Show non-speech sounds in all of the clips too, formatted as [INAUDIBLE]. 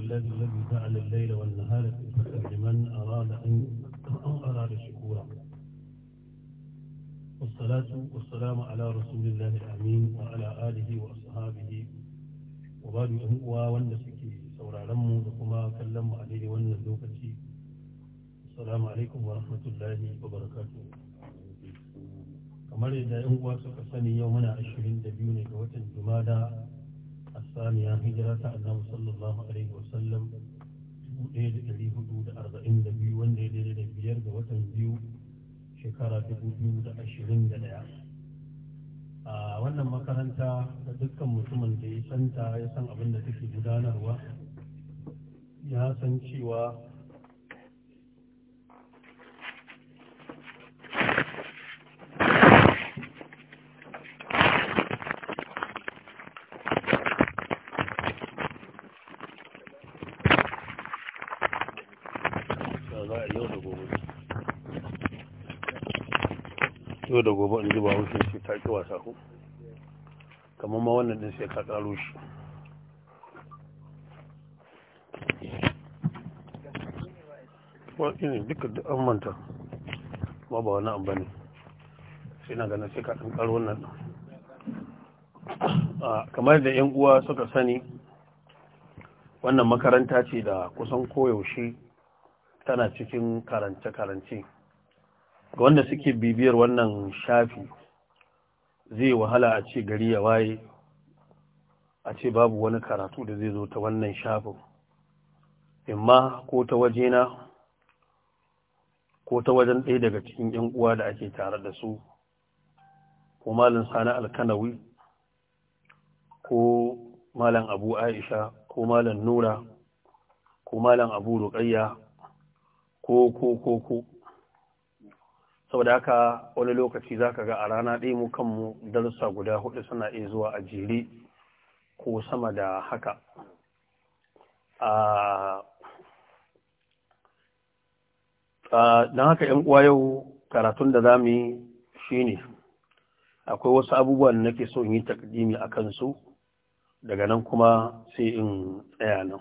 الذي الذي جعل الليل والنهار لمن أراد أن أو أراد شكورا والصلاة والسلام على رسول الله الأمين وعلى آله وأصحابه وبعد وأن سكي سورة رمو وكما كلم عليه وأن اللوكتي السلام عليكم ورحمة الله وبركاته kamar yadda 'yan uwa suka sani yau muna ashirin da biyu ne ga watan jumada الثانية هجرة أنه صلى الله عليه وسلم ɗaya da ɗari hudu da arba'in da biyu wanda ya daidai da biyar ga watan biyu shekara dubu biyu da ashirin da ɗaya a wannan makaranta da dukkan mutumin da ya santa ya san abin da take gudanarwa ya san cewa yau da gobe inji ba wuce shi ta ki wasa ko kamar ma wannan din sai ka karo shi wani ne duka duk an manta ma ba wani abu bane sai na gana sai ka ɗan karo wannan ah, kamar da 'yan uwa suka sani wannan makaranta ce da kusan koyaushe tana cikin karance-karance Ga wanda suke bibiyar wannan shafi zai wahala a ce gari ya waye a ce babu wani karatu da zai zo ta wannan shafin imma ko ta wajena ko ta wajen ɗaya daga cikin ‘yan uwa da ake tare da su ko malin sani alkanawi ko malam abu aisha ko malam nura ko malam abu ruƙayya ko ko ko ko saboda haka wani lokaci za ka ga a rana ɗaya mu kanmu darussa guda hudu suna iya zuwa a jere ko sama da haka don haka ‘yan uwa yau karatun da za mu yi shi ne akwai wasu abubuwan da nake so in yi takdimi a kansu daga nan kuma sai in tsaya nan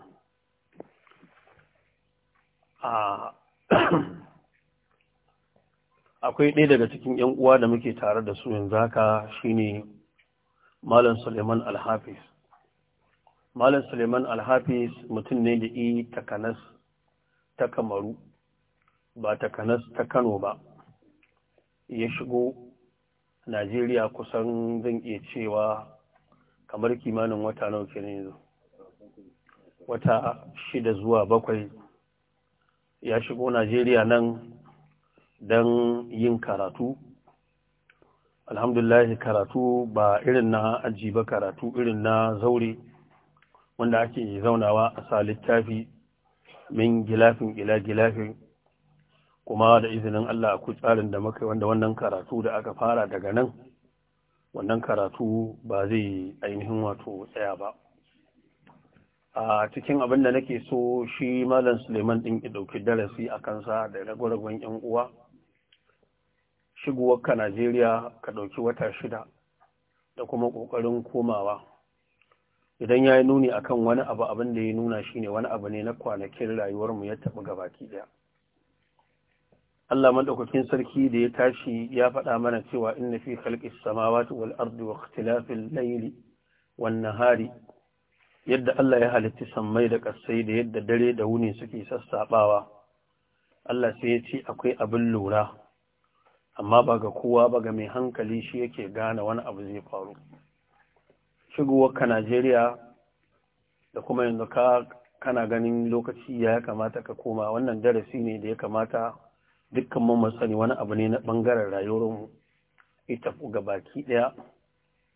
akwai ɗaya daga cikin 'yan uwa da muke tare da su yanzu haka shine malam suleiman Alhafis. malam suleiman Alhafis mutum ne da yi takanas ta kamaru ba takanas ta kano ba ya shigo najeriya kusan zan iya cewa kamar kimanin wata nawa ne yanzu wata shida zuwa bakwai ya shigo najeriya nan don yin karatu alhamdulahi karatu ba irin na aji ba karatu irin na zaure wanda ake zaunawa a sa littafi min gilafin ila gilafin kuma da izinin Allah ku tsarin da muka wanda wannan karatu da aka fara daga nan wannan karatu ba zai ainihin wato tsaya ba a cikin abin da nake so shi malam suleiman ɗin ɗauki darasi a kansa da ragwaragon 'yan uwa shigowarka Najeriya ka ɗauki wata shida da kuma ƙoƙarin komawa idan ya yi nuni a kan wani abu abin da ya nuna shi ne wani abu ne na kwanakin rayuwarmu ya taɓa gabaki ɗaya Allah maɗaukakin sarki da ya tashi ya faɗa mana cewa inna fi halƙi samawati wal ardi wa tilafin layli wan nahari yadda Allah ya halitta sammai da ƙasai da yadda dare da wuni suke sassaɓawa. Allah sai ya ce akwai abin lura amma ba ga kowa ba ga mai hankali shi yake gane wani abu zai faru shigowarka najeriya da kuma yanzu ka kana ganin lokaci ya kamata ka koma wannan darasi ne da ya kamata dukkan mu sani wani abu ne na bangaren rayuwarmu ita ga baki daya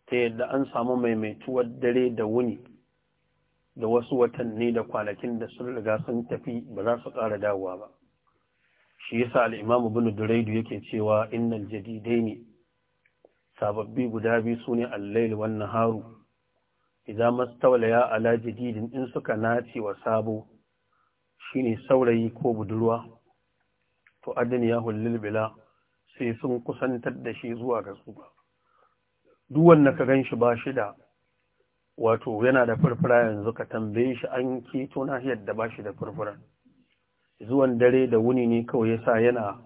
ta yadda an samu maimaituwar dare da wuni da wasu watanni da kwanakin da sun riga sun tafi ba za su ƙara dawowa ba shi yasa al imam ibn Duraydu yake cewa innal jadidaini sababbi guda biyu sune al layl wan naharu idan ya ala jadidin in suka nace wa sabo shine saurayi ko budurwa to ya lil bila sai sun kusantar da shi zuwa ga tsuba duk wanda ka ganshi ba shi da wato yana da furfura yanzu ka tambaye shi an keto nahiyar yadda ba shi da furfuran zuwan dare da wuni ne kawai ya sa yana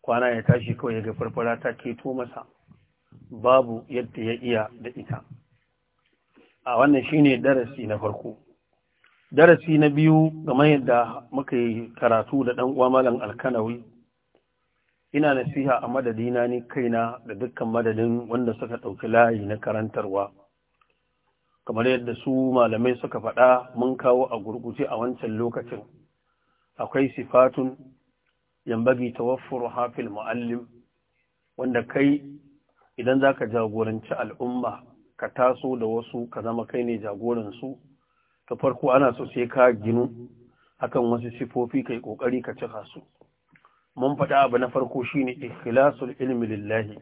kwana ya tashi kawai ga farfara ta keto masa babu yadda ya iya da ita a wannan shine darasi na farko darasi na biyu game yadda muka yi karatu da ɗan uwa malam alkanawi ina nasiha a madadina ne kaina da dukkan madadin wanda suka ɗauki layi na karantarwa kamar yadda su malamai suka faɗa mun kawo a gurguje a wancan lokacin akwai sifatun yambagi tawaffuru hafil mu'allim wanda kai idan za ka jagoranci al'umma ka taso da wasu ka zama kai ne jagoransu ta farko ana so sai ka ginu akan wasu sifofi kai ƙoƙari ka cika su mun faɗa abu na farko shine ikhlasul ilmi lillahi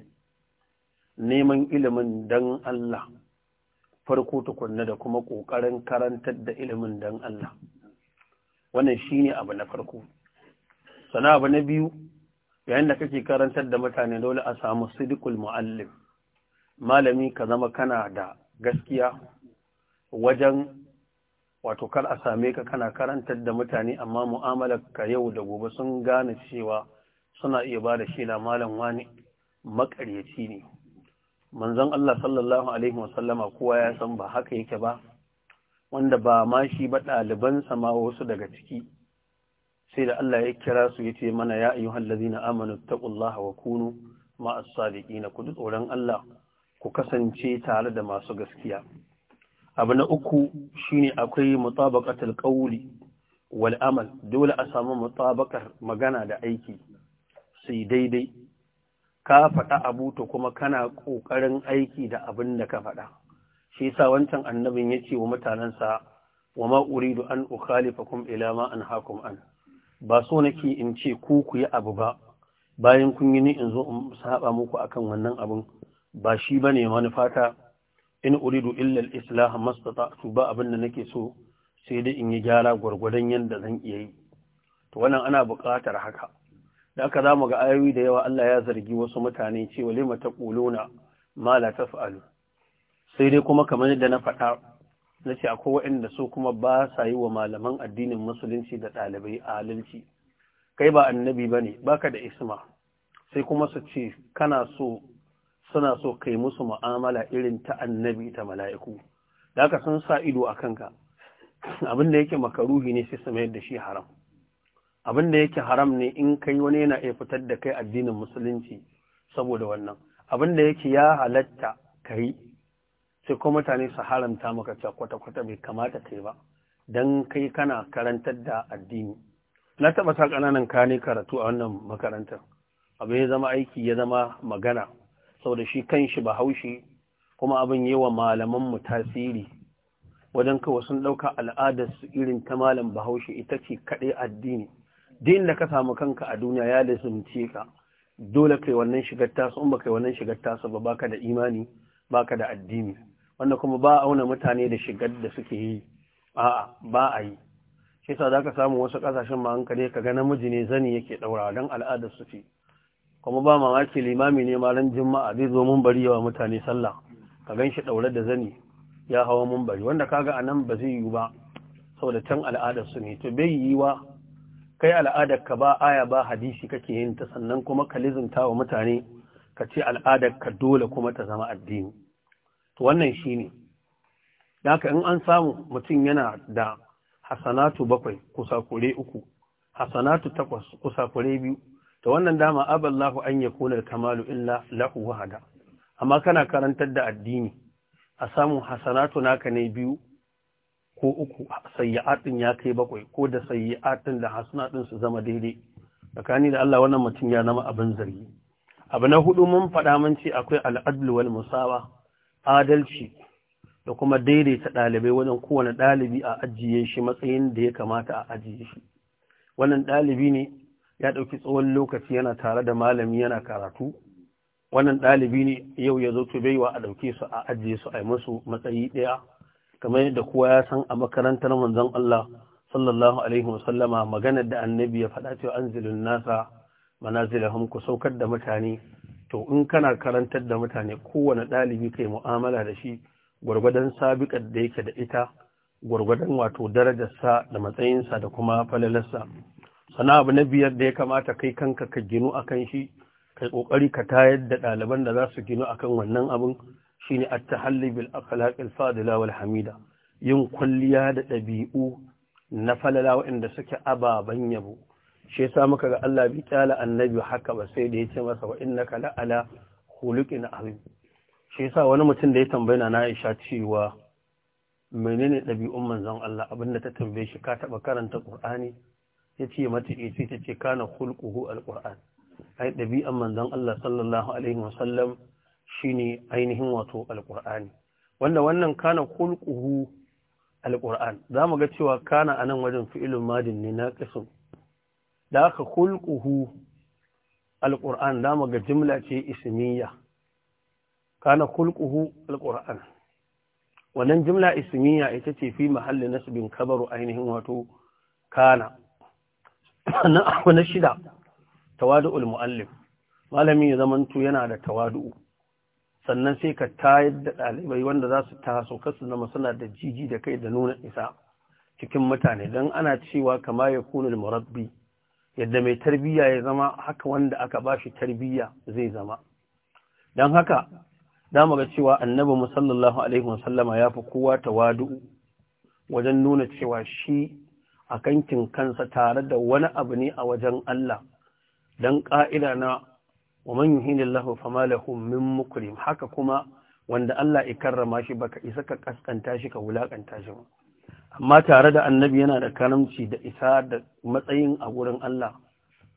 neman ilimin dan Allah farko tukunna da kuma ƙoƙarin karantar da ilimin dan Allah wannan shi ne abu na farko sana abu na biyu yayin da kake karantar da mutane dole a samu sidikul muallim malami ka zama kana da gaskiya wajen wato kar a same ka kana karantar da mutane amma mu'amalar ka yau da gobe sun gane cewa suna iya ba da shaida malam wani makaryaci ne manzon Allah sallallahu alaihi wasallama kowa ya san ba haka yake ba wanda ba ma shi ba ɗaliban sama wasu daga ciki sai da Allah ya kira su yace mana ya ayyuhal ladzina amanu taqullaha wa kunu ma'as sadiqina ku ji tsoron Allah ku kasance tare da masu gaskiya abu na uku shine akwai mutabaqatul qawli wal amal dole a samu mutabaqar magana da aiki sai daidai ka faɗa abu to kuma kana ƙoƙarin aiki da abin da ka faɗa shi yasa wancan annabin yace wa mutanansa wa ma uridu an ukhalifakum ila ma anhaakum an ba so nake in ce ku ku yi abu ba bayan kun yi ni in zo in saba muku akan wannan abun ba shi bane manufata in uridu illa al-islah mastata'tu ba abin da nake so sai dai in yi gyara gurgurdan yanda zan iya yi to wannan ana buƙatar haka da aka zamu ga ayoyi da yawa Allah ya zargi wasu mutane cewa lima taquluna ma la taf'alu sai dai kuma kamar yadda na faɗa na ce akwai waɗanda su kuma ba sa yi wa malaman addinin musulunci da ɗalibai a adalci kai ba annabi ba ne baka da isma sai kuma su ce kana so suna so kai musu mu'amala irin ta annabi ta mala'iku da aka sun sa ido a kanka abin da yake makaruhi ne sai su mayar da shi haram abin da yake haram ne in kai wani yana iya fitar da kai addinin musulunci saboda wannan abin da yake ya halatta kai sai kuma mutane su haramta maka cewa kwata-kwata bai kamata kai ba don kai kana karantar da addini na taɓa sa ƙananan kane karatu a wannan makarantar abu ya zama aiki ya zama magana saboda shi kan shi ba haushi kuma abin yi wa malaman mu tasiri wajen kawai sun ɗauka al'adar su irin ta malam bahaushe ita ce kaɗai addini din da ka samu kanka a duniya ya lissumce ka dole kai wannan shigar tasu in ba kai wannan shigar tasu ba baka da imani baka da addini wanda kuma ba a auna mutane da shigar da suke yi a'a ba a yi shi sa zaka samu wasu kasashen ma hankali ka ga namiji ne zani yake daura dan al'adar su ce kuma ba mamaki limami ne ma ran juma'a zai zo mun bari yawa mutane sallah ka ganshi daure da zani ya hawa mun bari wanda kaga anan ba zai yi ba saboda can al'adar su ne to bai yi wa kai al'adar ka ba aya ba hadisi kake yin ta sannan kuma ka lizinta wa mutane ka ce al'adar ka dole kuma ta zama addini wannan shine ne, haka in an samu mutum yana da hasanatu bakwai kusakure uku hasanatu takwas kusakure biyu ta wannan dama aballahu an kunar kamalu illa lahu wahada amma kana karantar da addini a samu hasanatu naka ne biyu ko uku sayyi'atin ya kai bakwai ko da sayyi'atin da hasanatin su zama daidai tsakani da Allah wannan mutum ya zama abin zargi abu na hudu mun faɗa mun ce akwai al'adlu wal musawa adalci da kuma daidaita ɗalibai wajen kowane ɗalibi a ajiye shi matsayin da ya kamata a ajiye shi wannan ɗalibi ne ya ɗauki tsawon lokaci yana tare da malami yana karatu wannan ɗalibi ne yau ya zo baiwa a ɗauke su a ajiye su a yi musu matsayi ɗaya kamar yadda kowa ya san a makarantar manzon Allah sallallahu alaihi wasallama maganar da annabi ya faɗa cewa anzilun nasa manazilahum ku saukar da mutane to in kana karantar da mutane kowane ɗalibi kai mu'amala da shi gwargwadon sabiƙar da yake da ita gwargwadon wato darajarsa da matsayinsa da kuma falalarsa sana abu na biyar da ya kamata kai kanka ka ginu akan shi kai ƙoƙari ka tayar da ɗaliban da za su ginu akan wannan abin shine at-tahalli bil fadila wal hamida yin kwalliya da ɗabi'u na falala waɗanda suke ababen yabo shi yasa muka ga Allah bi kyala annabi haka ba sai da ya ce masa wa innaka la ala khuluqin azim shi yasa wani mutum da ya tambaye na Aisha cewa menene dabi'un manzon Allah abinda ta tambaye shi ka taba karanta Qur'ani yace mata eh sai ta ce kana khulquhu alquran ai ɗabi'an manzon Allah sallallahu alaihi wa sallam shine ainihin wato alqur'ani wanda wannan kana khulquhu alquran zamu ga cewa kana anan wajen fi'ilun madin ne na kasu da aka hulƙuhu alƙur'an dama ga jimla ce ismiya kana hulƙuhu alƙur'an wannan jimla ismiya ita ce fi mahalli nasibin kabaru ainihin wato kana na abu na shida tawadu'ul mu'allim malami ya zamantu yana da tawadu'u sannan sai ka tayar da ɗalibai wanda za su taso kasu zama suna da jiji da kai da nuna isa cikin mutane don ana cewa kama ya kuna murabbi yadda mai tarbiyya ya zama haka wanda aka bashi tarbiyya zai zama don haka mu ga cewa annabi musallallahu alaihi wasallama ya fi kowa tawadu wajen nuna cewa shi a kankin kansa tare da wani abu ne a wajen Allah don ƙa'ida na wa man yuhinillahu fama min mukrim haka kuma wanda Allah ya karrama shi baka isa ka kaskanta shi ka wulakanta shi ba amma tare da annabi yana da karamci da isa da matsayin a gurin Allah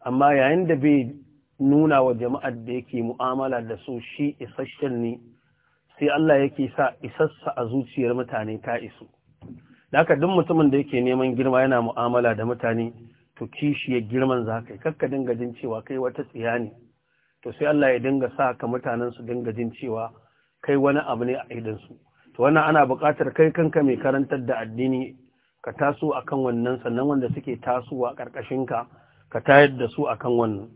amma yayin da bai nuna wa jama'ar da yake mu'amala da su shi isasshen ne sai Allah yake sa isassa a zuciyar mutane ta isu da duk mutumin da yake neman girma yana mu'amala da mutane to ya girman za ka yi kakka dinga jin cewa kai wata tsiya ne to sai Allah ya dinga sa ka mutanen su dinga jin cewa kai wani abu ne a su to wannan ana buƙatar kai kanka mai karantar da addini ka taso akan wannan sannan wanda suke tasowa ƙarƙashin ka ka tayar da su akan wannan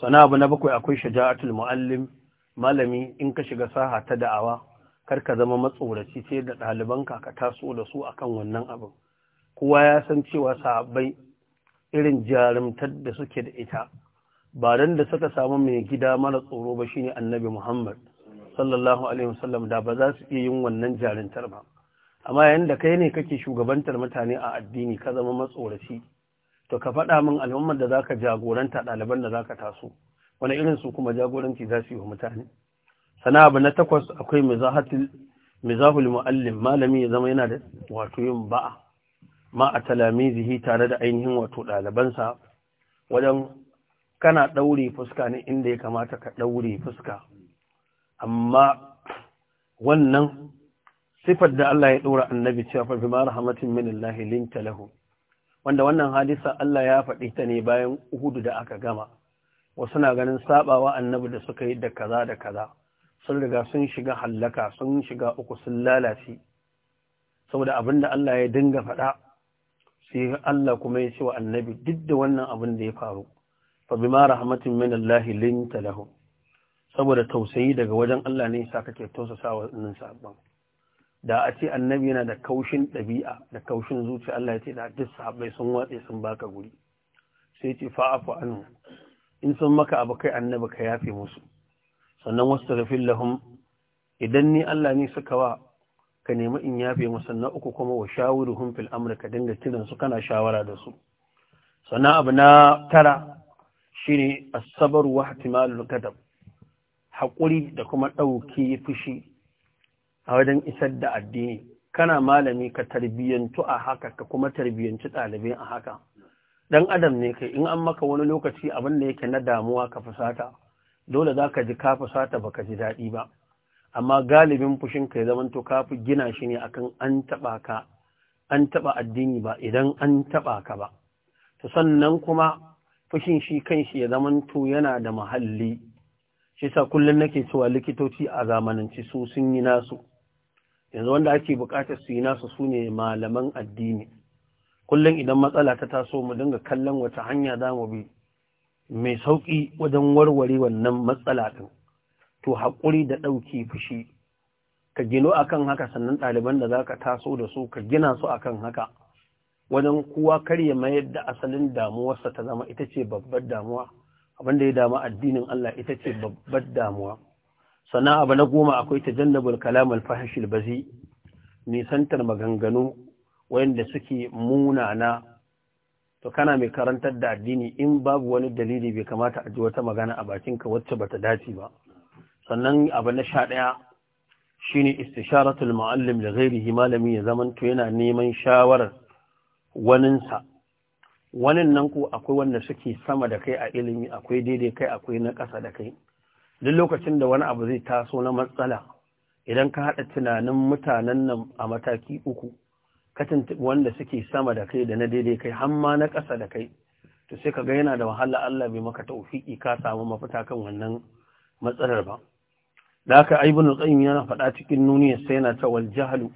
sana abu na bakwai akwai shaja'atul muallim malami in ka shiga saha ta da'awa kar ka zama matsoraci sai da ɗalibanka ka taso da su akan wannan abin kowa ya san cewa sahabbai irin jarumtar da suke da ita ba da suka samu mai gida mara tsoro ba shine annabi Muhammad sallallahu alaihi wasallam da ba za su iya yin wannan jarintar ba amma yayin da kai ne kake shugabantar mutane a addini ka zama matsoraci to ka faɗa min al'ummar da zaka jagoranta ɗaliban da zaka taso wani irin su kuma jagoranci za su yi wa mutane sana abu na takwas akwai mizahatul mizahul muallim malami ya zama yana da wato yin ba'a ma a talamizihi tare da ainihin wato ɗalibansa wajen kana ɗaure fuska ne inda ya kamata ka ɗaure fuska amma wannan sifar da Allah ya ɗora annabi cewa fa bima rahmatin min Allah linta lahu wanda wannan hadisa Allah ya faɗi ta ne bayan uhudu da aka gama wasu na ganin sabawa annabi da suka yi da kaza da kaza sun riga sun shiga hallaka sun shiga uku sun lalace saboda abinda Allah ya dinga faɗa sai Allah kuma ya ce wa annabi duk da wannan abin da ya faru fa bima rahmatin min Allah linta lahu saboda tausayi daga wajen Allah ne sa kake tausasa wa nan sabon da a ce annabi yana da kaushin ɗabi'a da kaushin zuciya Allah ya ce da duk sahabbai sun watse sun baka guri sai ce fa'afu anhu in sun maka abu kai annabi ka yafe musu sannan wastaghfir lahum idan ni Allah ne suka wa ka nemi in yafe musu sannan uku kuma wa shawiruhum fil amri ka dinga kiran su kana shawara da su sannan abu na tara shine as-sabr wa ihtimalul kadab haƙuri da kuma ɗauki fushi a wajen isar da addini kana malami ka tarbiyyantu a haka ka kuma tarbiyyanci ɗalibai a haka ɗan adam ne kai in an maka wani lokaci abin da yake na damuwa ka fusata dole za ka ji ka fusata ba ka ji daɗi ba amma galibin fushin ka ya zamanto ka fi gina shi ne akan an taɓa ka an taɓa addini ba idan an taɓa ka ba to sannan kuma fushin shi kanshi ya zamanto yana da mahalli shi sa kullum nake cewa likitoci a zamanance su sun yi nasu yanzu wanda ake buƙatar su yi nasu su ne malaman addini kullum idan matsala ta taso mu dinga kallon wata hanya za mu bi mai sauƙi wajen warware wannan matsala ɗin to haƙuri da ɗauki fushi ka gino akan haka sannan ɗaliban da za ka taso da su ka gina su akan haka wajen kowa karya mayar da asalin damuwarsa ta zama ita ce babbar damuwa abin da ya dama addinin Allah ita ce babbar damuwa sannan abu na goma akwai tajannabul kalam al-fahishil bazi nisantar maganganu wayanda suke munana to kana mai karantar da addini in babu wani dalili bai kamata a ji wata magana a bakinka wacce bata dace ba sannan abu na sha ɗaya shine istisharatul muallim da ghairihi malami ya zamanto yana neman shawarar waninsa wannan nan ko akwai wanda suke sama da kai a ilimi akwai daidai kai akwai na ƙasa da kai duk lokacin da wani abu zai taso na matsala idan ka haɗa tunanin mutanen nan a mataki uku katin wanda suke sama da kai da na daidai kai har ma na ƙasa da kai to sai ka ga yana da wahala Allah bai maka tawfiki ka samu mafita kan wannan matsalar ba da haka ibn qayyim yana faɗa cikin nuniya sai yana ta wal jahlu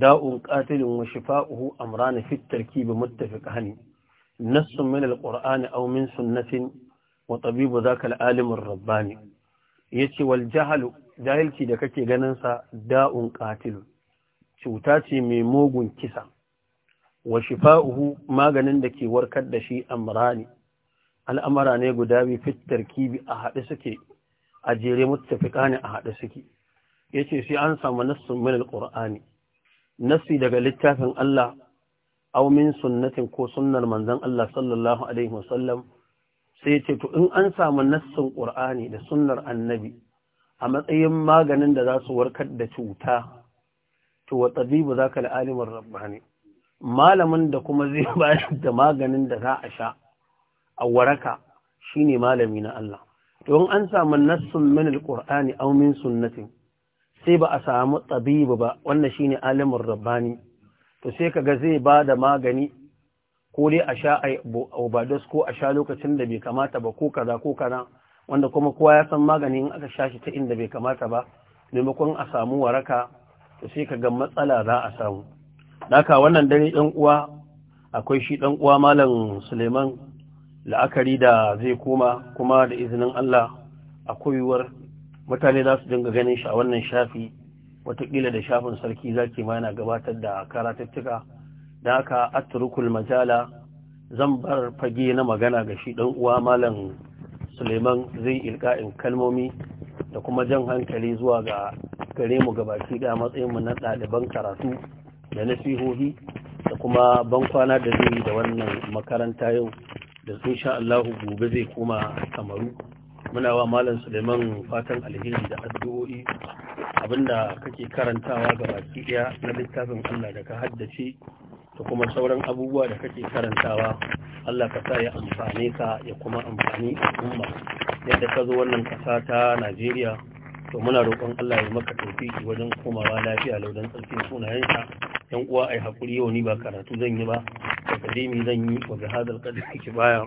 da'un qatilun wa shifa'uhu amran fi at-tarkib hani. نص من القرآن أو من سنة وطبيب ذاك العالم الرباني يتي والجهل جاهل كي دكاكي غننسا داء قاتل شوتاتي ميموغ كسا وشفاؤه ما غنندكي وركد شي أمراني الأمراني قدابي في التركيب أحدثكي أجيري متفقاني أحدثكي يتي سي أنسى من نص من القرآن نصي دقى للتافن الله aw min sunnatin ko sunnar manzon Allah sallallahu alaihi wasallam sai ce to in an samu nassin Qur'ani da sunnar Annabi a matsayin maganin da za su warkar da cuta to wa tabibu zaka al rabbani malamin da kuma zai [LAUGHS] bayar da maganin da za a sha a waraka shine malami na Allah to in an samu nasin min al-Qur'ani aw min sunnatin sai ba a samu tabibu ba wannan shine alimin rabbani to sai kaga zai ba da magani ko dai a sha obadus ko a sha lokacin da bai kamata ba ko kaza ko kaza wanda kuma kowa ya san magani in aka sha shi ta inda bai kamata ba maimakon a samu waraka to sai kaga matsala za a samu daka wannan dare ɗan uwa akwai shi ɗan uwa malam Suleiman la'akari da zai koma kuma da izinin Allah a koyuwar mutane za su dinga ganin shi a wannan shafi wataƙila da shafin sarki zaki ma yana gabatar da karatuttuka da haka atrukul majala zan bar fage na magana ga shi ɗan uwa malam Suleiman zai ilka'in kalmomi da kuma jan hankali zuwa ga gare mu baki da matsayin mu na ɗaliban karatu da nasihohi da kuma ban kwana da zai da wannan makaranta yau da sun sha allahu gobe zai koma kamaru muna wa malam suleiman fatan alheri da addu'o'i abinda kake karantawa ga baki daya na littafin allah da ka haddace da kuma sauran abubuwa da kake karantawa allah ka sa ya amfane ka ya kuma amfani al'umma yadda ka zo wannan kasa ta najeriya to muna roƙon allah ya maka tafiki wajen komawa lafiya laudan tsarkin yanka yan uwa ai hakuri yau ni ba karatu zan yi ba da zan yi wa ga hadal kike baya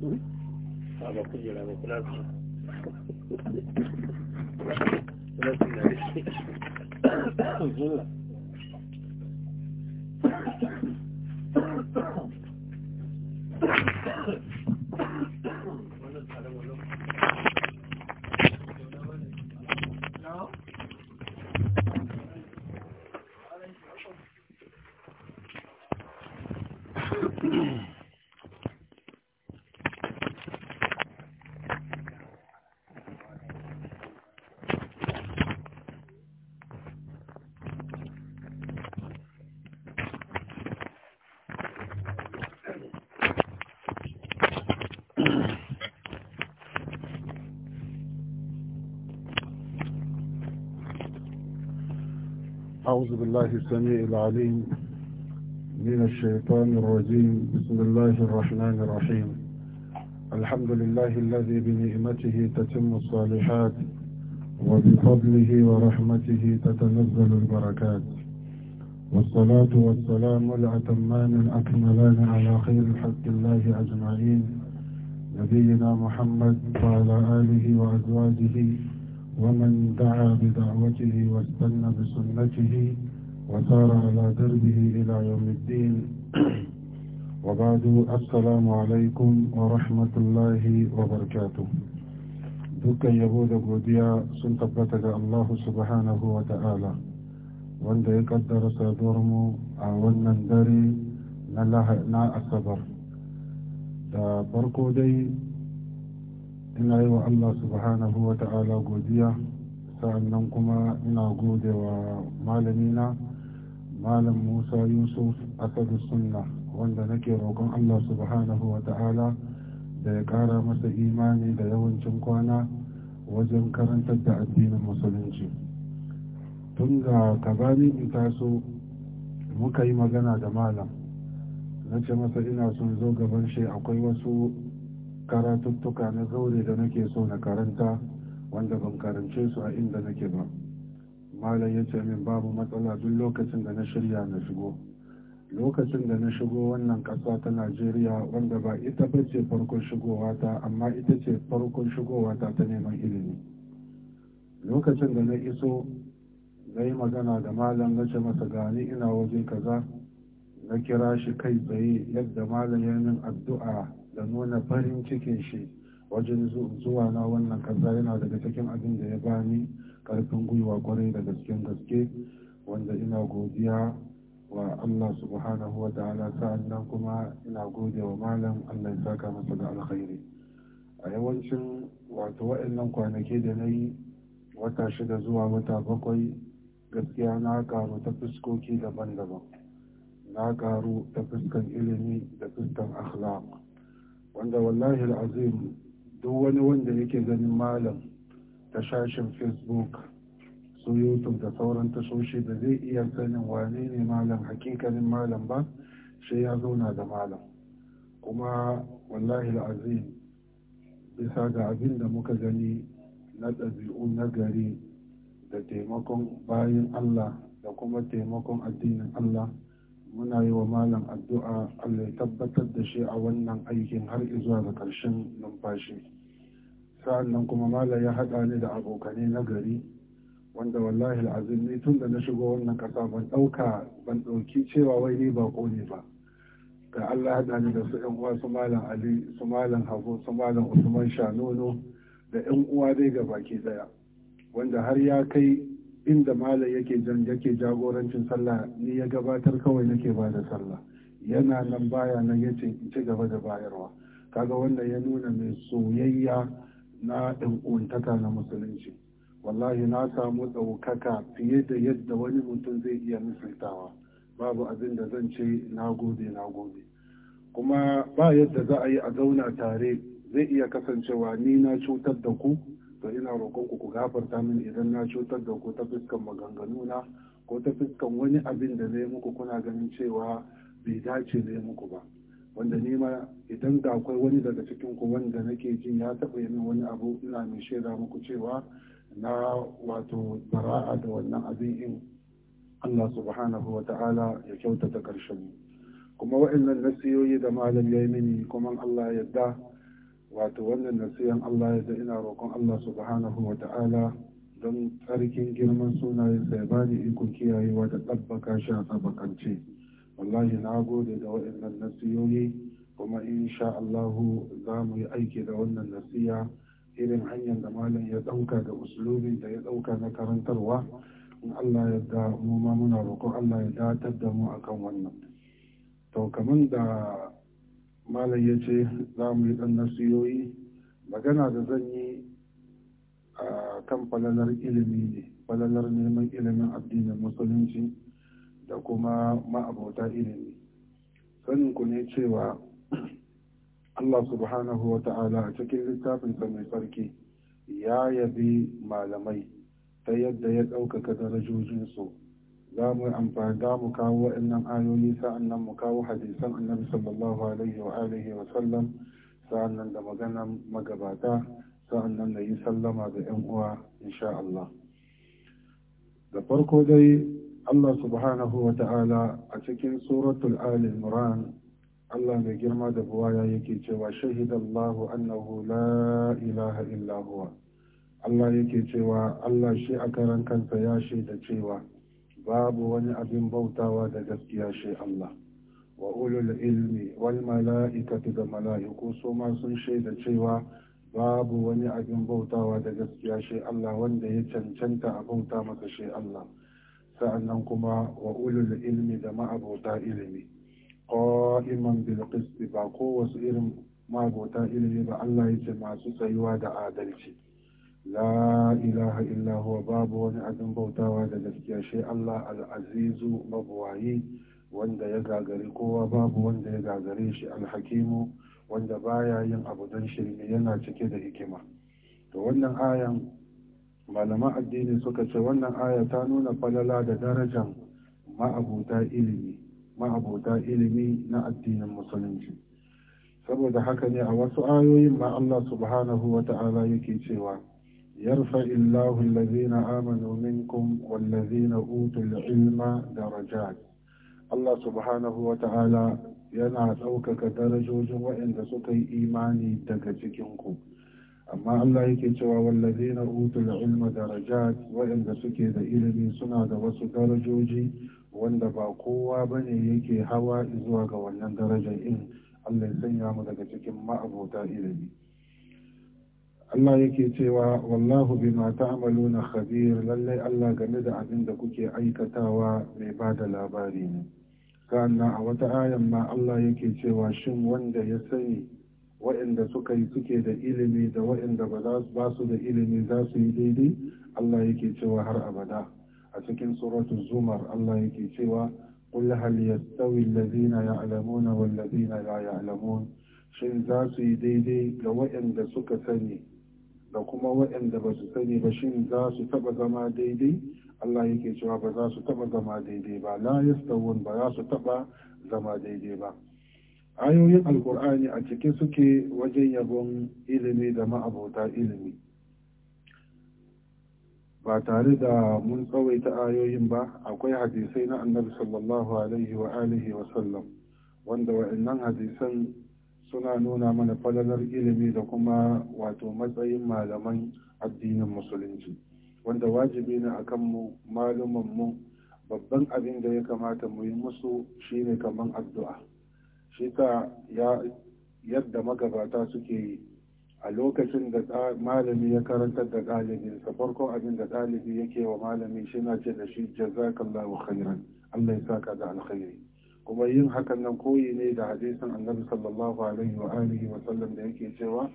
Thank you. kula أعوذ بالله السميع العليم من الشيطان الرجيم بسم الله الرحمن الرحيم الحمد لله الذي بنعمته تتم الصالحات وبفضله ورحمته تتنزل البركات والصلاة والسلام الأتمان الأكملان على خير حق الله أجمعين نبينا محمد وعلى آله وأزواجه ومن دعا بدعوته واستنى بسنته وسار على دربه إلى يوم الدين [CLEARS THROAT] وبعد السلام عليكم ورحمة الله وبركاته dukkan yabo da godiya sun tabbata ga Allah subhanahu wa ta'ala wanda ya kaddara saduwar mu a wannan dare na asabar da farko dai ina yi wa Allah subhanahu wa ta'ala godiya sa'annan kuma ina gode wa malamina malam musa yusuf asadu sunna wanda nake roƙon Allah subhanahu wa ta'ala da ya ƙara masa imani da yawancin kwana wajen karantar da addinin musulunci tun ga kabani in taso muka yi magana da malam na ce masa ina son zo gaban shi akwai wasu karatuttuka na zaure da nake so na karanta wanda ban karance su a inda nake ba malam ya ce min babu matsala duk lokacin da na shirya na shigo lokacin da na shigo wannan ƙasa ta najeriya wanda ba ita ba ce farkon shigowa ta amma ita ce farkon shigowa ta ta neman ilimi lokacin da na iso na yi magana da malam na ce masa gani ina waje kaza na kira shi kai tsaye yadda malam ya min addu'a da nuna farin cikin shi wajen zuwa na wannan kasa yana daga cikin abin da ya bani karfin gwiwa kwarai da gasken gaske wanda ina godiya wa Allah subhanahu wa ta'ala sa'annan kuma ina gode wa malam Allah ya saka masa da alkhairi a yawancin wato wa'annan kwanaki da na yi wata shida zuwa wata bakwai gaskiya na karu ta fuskoki daban-daban na karu ta fuskan ilimi da fuskan akhlaq wanda wallahi al'azim duk wani wanda yake ganin malam ta shashin facebook su youtube da sauran tashoshi da zai iya sanin wane ne malam hakikanin malam ba shi ya zauna da malam kuma wallahi al'azim bisa ga abin da muka gani na ɗabi'u na gari da taimakon bayan allah da kuma taimakon addinin allah muna yi wa malam addu'a Allah ya tabbatar da shi a wannan aikin har zuwa ga ƙarshen numfashi sa'an nan kuma malam ya haɗa ni da abokane na gari wanda wallahi al'azim ni tun da na shigo wannan ƙasa ban ɗauka ban ɗauki cewa wai ni ba ne ba ga Allah haɗa ni da su ƴan uwa su malam Ali su malam Habu su malam Usman Shanono da 'yan uwa dai ga baki ɗaya wanda har ya kai inda malam yake yake jagorancin sallah ni ya gabatar kawai nake ba da sallah yana nan baya nan ya ce ci gaba da bayarwa kaga wanda ya nuna mai soyayya na ɗan'uwantaka na musulunci wallahi na samu ɗaukaka fiye da yadda wani mutum zai iya misaltawa babu abin da zan ce na gode na gode kuma ba yadda za a yi a zauna tare zai iya kasancewa ni na cutar da ku to ina roƙon ku ku gafarta mini idan na cutar da ku ta fuskan maganganu na ko ta fuskan wani abin da zai muku kuna ganin cewa bai dace zai muku ba wanda ni ma idan da akwai wani daga cikin ku wanda nake jin ya taɓa yi wani abu ina mai shaida muku cewa na wato bara'a da wannan abin in Allah subhanahu wa ta'ala ya kyautata ƙarshen mu kuma wa'annan nasiyoyi da malam ya yi mini kuma Allah ya yarda wato wannan nasiyan Allah ya ina roƙon Allah subhanahu wa ta'ala don tsarkin girman sunayen sai ba ni ikon kiyayewa da tsabbaka shi a tsabakance wallahi na gode da waɗannan nasiyoyi kuma insha Allahu za mu yi aiki da wannan nasiya irin hanyar da malam ya ɗauka da uslubin da ya ɗauka na karantarwa in Allah ya da mu ma muna roƙon Allah ya datar da mu akan wannan to kamar da malam ya ce za mu yi ɗan nasiyoyi magana da zan yi a kan falalar ilimi ne falalar neman ilimin addinin musulunci da kuma ma'abota ilimi sanin ku ne cewa [CLEARS THROAT] Allah subhanahu wa ta'ala a cikin littafinsa mai sarki ya yabi malamai ta yadda ya ɗaukaka darajojinsu za mu amfani da mu kawo waɗannan ayoyi sa'annan mu kawo hadisan annabi sallallahu alaihi wa alihi wa sallam sa'annan da maganan magabata sa'annan da yi sallama da yan uwa insha Allah da farko dai Allah subhanahu wa ta'ala a cikin suratul ali imran Allah mai girma da buwaya yake cewa shahidallahu annahu la ilaha illa huwa Allah yake cewa Allah shi a karan kansa ya shaida cewa babu wani abin bautawa da gaskiya shi Allah wa ulul ilmi wal mala'ikatu da mala'iku su ma sun shaida cewa babu wani abin bautawa da gaskiya shi Allah wanda ya cancanta a bauta masa shi Allah sa'annan kuma wa ulul ilmi da ma'abota ilimi qa'iman bil qisti ba ko wasu irin ma'abota ilimi ba Allah yace masu tsayuwa da adalci la ilaha illa babu wani abin bautawa da gaskiya shi Allah al'azizu mabuwayi wanda ya gagari kowa babu wanda ya gagare shi alhakimu wanda baya yin abu don shirme yana cike da hikima to wannan ayan malaman addini suka ce wannan aya ta nuna falala da darajan ma'abuta ilimi ma'abuta ilimi na addinin musulunci saboda haka ne a wasu ayoyin ma Allah subhanahu wa ta'ala yake cewa يرفع الله الذين آمنوا منكم والذين أوتوا العلم درجات الله سبحانه وتعالى yana ɗaukaka darajojin wayanda suka yi imani daga cikinku amma Allah yake cewa wallafi na utul ilma darajat waɗanda suke da ilimi suna da wasu darajoji wanda ba kowa bane yake hawa zuwa ga wannan darajar in Allah ya sanya mu daga cikin ma'abota ilimi Allah yake cewa wallahu bima ta'maluna khabir lallai Allah game da abin da kuke aikatawa mai ba da labari ne sannan a wata ayan ma Allah yake cewa shin wanda ya sani wa'inda suka yi suke da ilimi da wa'inda ba su da ilimi za su yi daidai Allah yake cewa har abada a cikin suratul zumar Allah yake cewa hal yastawi يستوي ya'lamuna wal ladina la ya'lamun shin za su yi daidai ga wa'inda suka sani da kuma waɗanda ba su sani ba shin za su taba zama daidai Allah yake cewa ba za su taba zama daidai ba la yastawun ba za su taba zama daidai ba ayoyin alkur'ani a cikin suke wajen yabon ilimi da ma'abota ilimi ba tare da mun tsawaita ayoyin ba akwai hadisai na annabi sallallahu alaihi wa alihi wa sallam wanda wa'annan hadisan suna nuna mana falalar ilimi da kuma wato matsayin malaman addinin musulunci wanda wajibi ne a kanmu malumanmu babban abin da ya kamata mu yi musu shine kamar addu'a shi ta yadda magabata suke yi a lokacin da malami ya karantar da ɗalibinsa farko abin da ɗalibi yake wa malami shi na ce da shi jazakallahu khairan Allah ya saka da alkhairi kuma yin hakan nan koyi ne da hadisin annabi sallallahu alaihi wa alihi wa sallam da yake cewa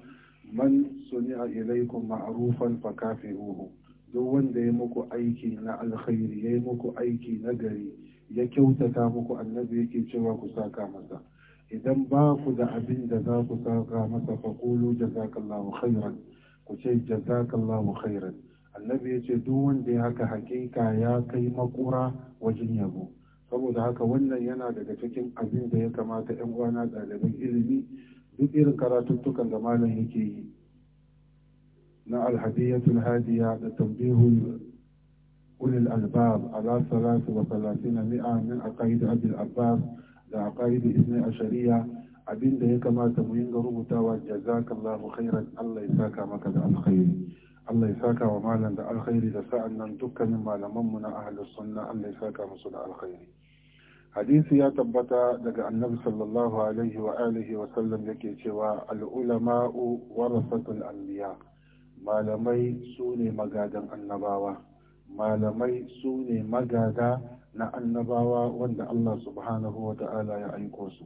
man suni'a ilaykum ma'rufan fakafi'uhu duk wanda ya muku aiki na alkhairi ya muku aiki na gari ya kyautata muku annabi yake cewa ku saka masa idan ba ku da abin da za ku saka masa fa faƙulu jazakallahu khairan ku ce jazakallahu khairan annabi yace duk wanda ya haka hakika ya kai makura wajen yabo saboda haka wannan yana daga cikin abin da ya kamata 'yan uwana ɗaliban ilimi duk irin karatuttukan da malam yake yi na alhadiyatul hadiya da tambihul ulil albab ala salatu wa salatina mi'a min aqaid abil abbas da aqaid ibn ashariya abin da ya kamata mu yinga rubutawa jazakallahu khairan Allah ya saka maka da alkhairi Allah ya saka wa malam da alkhairi da sa'an nan dukkanin malamanmu na ahlus sunna Allah ya saka musu da alkhairi hadisi ya tabbata daga annabi sallallahu alaihi wa alihi wa sallam yake cewa al-ulama'u warasatul anbiya malamai su ne magadan annabawa malamai su magada na annabawa wanda Allah subhanahu wa ta'ala ya aiko su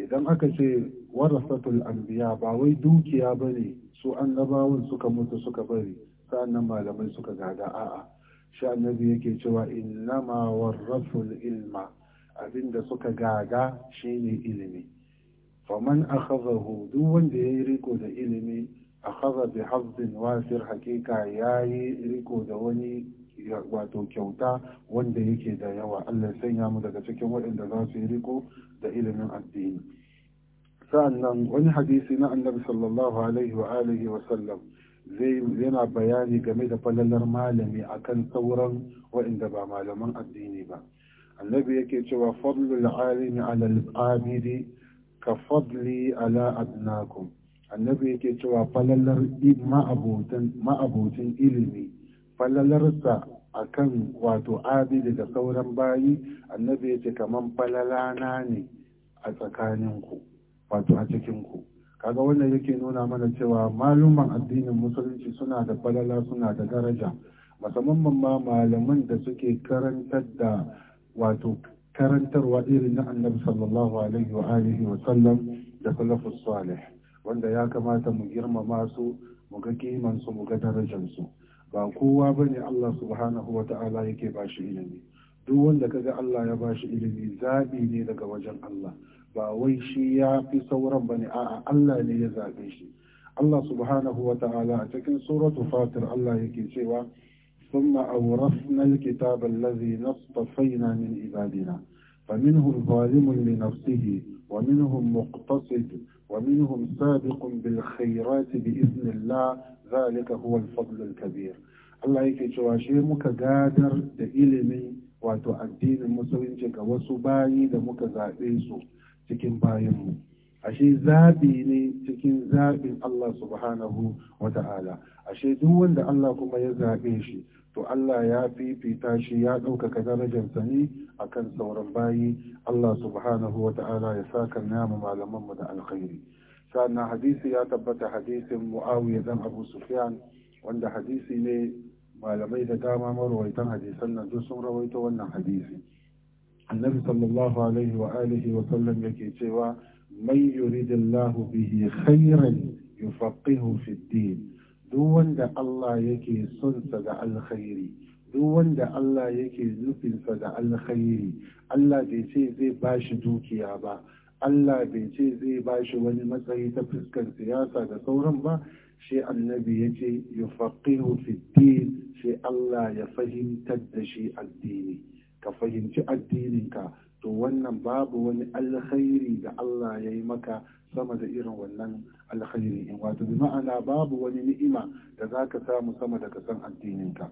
idan aka ce warasatul anbiya ba wai dukiya bane su annabawan suka mutu suka bari sannan malamai suka gada a'a sha annabi yake cewa innama warrasul ilma abinda suka gada shine ilimi faman akhadhahu duk wanda yayi riko da ilimi akhadha bi hazzin wasir hakika yayi riko da wani wato kyauta wanda yake da yawa Allah sanya mu daga cikin waɗanda za su yi riko da ilimin addini sa'annan wani hadisi na annabi sallallahu alaihi wa alihi wa zai yana bayani game da falalar malami akan sauran waɗanda ba malaman addini ba annabi yake cewa fadlul alimi ala al-amiri ka fadli ala adnakum annabi yake cewa falalar ma'abotin ilimi falalarsa akan wato abidi da sauran bayi annabi yake kaman falalana ne a tsakaninku wato a cikin ku kaga wannan yake nuna mana cewa maluman addinin musulunci suna da falala suna da daraja musamman ma malaman da suke karantar da wato karantarwa irin na annabi sallallahu alaihi wa alihi wa sallam da salafus salih wanda ya kamata mu girmama su mu ga kiman su mu ga darajar su ba kowa bane Allah subhanahu wa ta'ala yake bashi ilimi duk wanda kaga Allah ya bashi ilimi zabi ne daga wajen Allah ba wai shi ya fi sauran ba ne a'a Allah ne ya zaɓe shi Allah subhanahu wa ta'ala a cikin suratu fatir Allah yake cewa ثم أورثنا الكتاب الذي نصطفينا من عبادنا فمنهم ظالم لنفسه ومنهم مقتصد ومنهم سابق بالخيرات بإذن الله ذلك هو الفضل الكبير الله yake cewa shi muka gadar da ilimi wato addinin musulunci ga wasu bayi da muka zaɓe su cikin bayanmu ashe zaɓi ne cikin zaɓin Allah subhanahu wa ta'ala ashe duk wanda Allah kuma ya zaɓe shi to Allah ya fifita shi ya ɗaukaka darajarsa ne a kan sauran bayi Allah subhanahu wa ta'ala ya saka namu malamanmu da alkhairi sannan hadisi ya tabbata hadisin mu'awiyah dan abu sufyan wanda hadisi ne malamai da dama marwaitan hadisan nan duk sun rawaito wannan hadisi annabi sallallahu alaihi wa alihi wa sallam yake cewa mai yuridillahu bihi khairan yufaqihu fi din duk wanda Allah yake son sa da alkhairi duk wanda Allah yake nufin sa da alkhairi Allah bai ce zai bashi dukiya ba Allah bai ce zai bashi wani matsayi ta fuskar siyasa da sauran ba shi annabi yake yufaqihu fi din sai Allah ya fahimtar da shi addini ka fahimci addininka to wannan babu wani alkhairi da Allah ya yi maka sama da irin wannan alkhairi in wato bi ma'ana babu wani ni'ima da za ka samu sama daga san addininka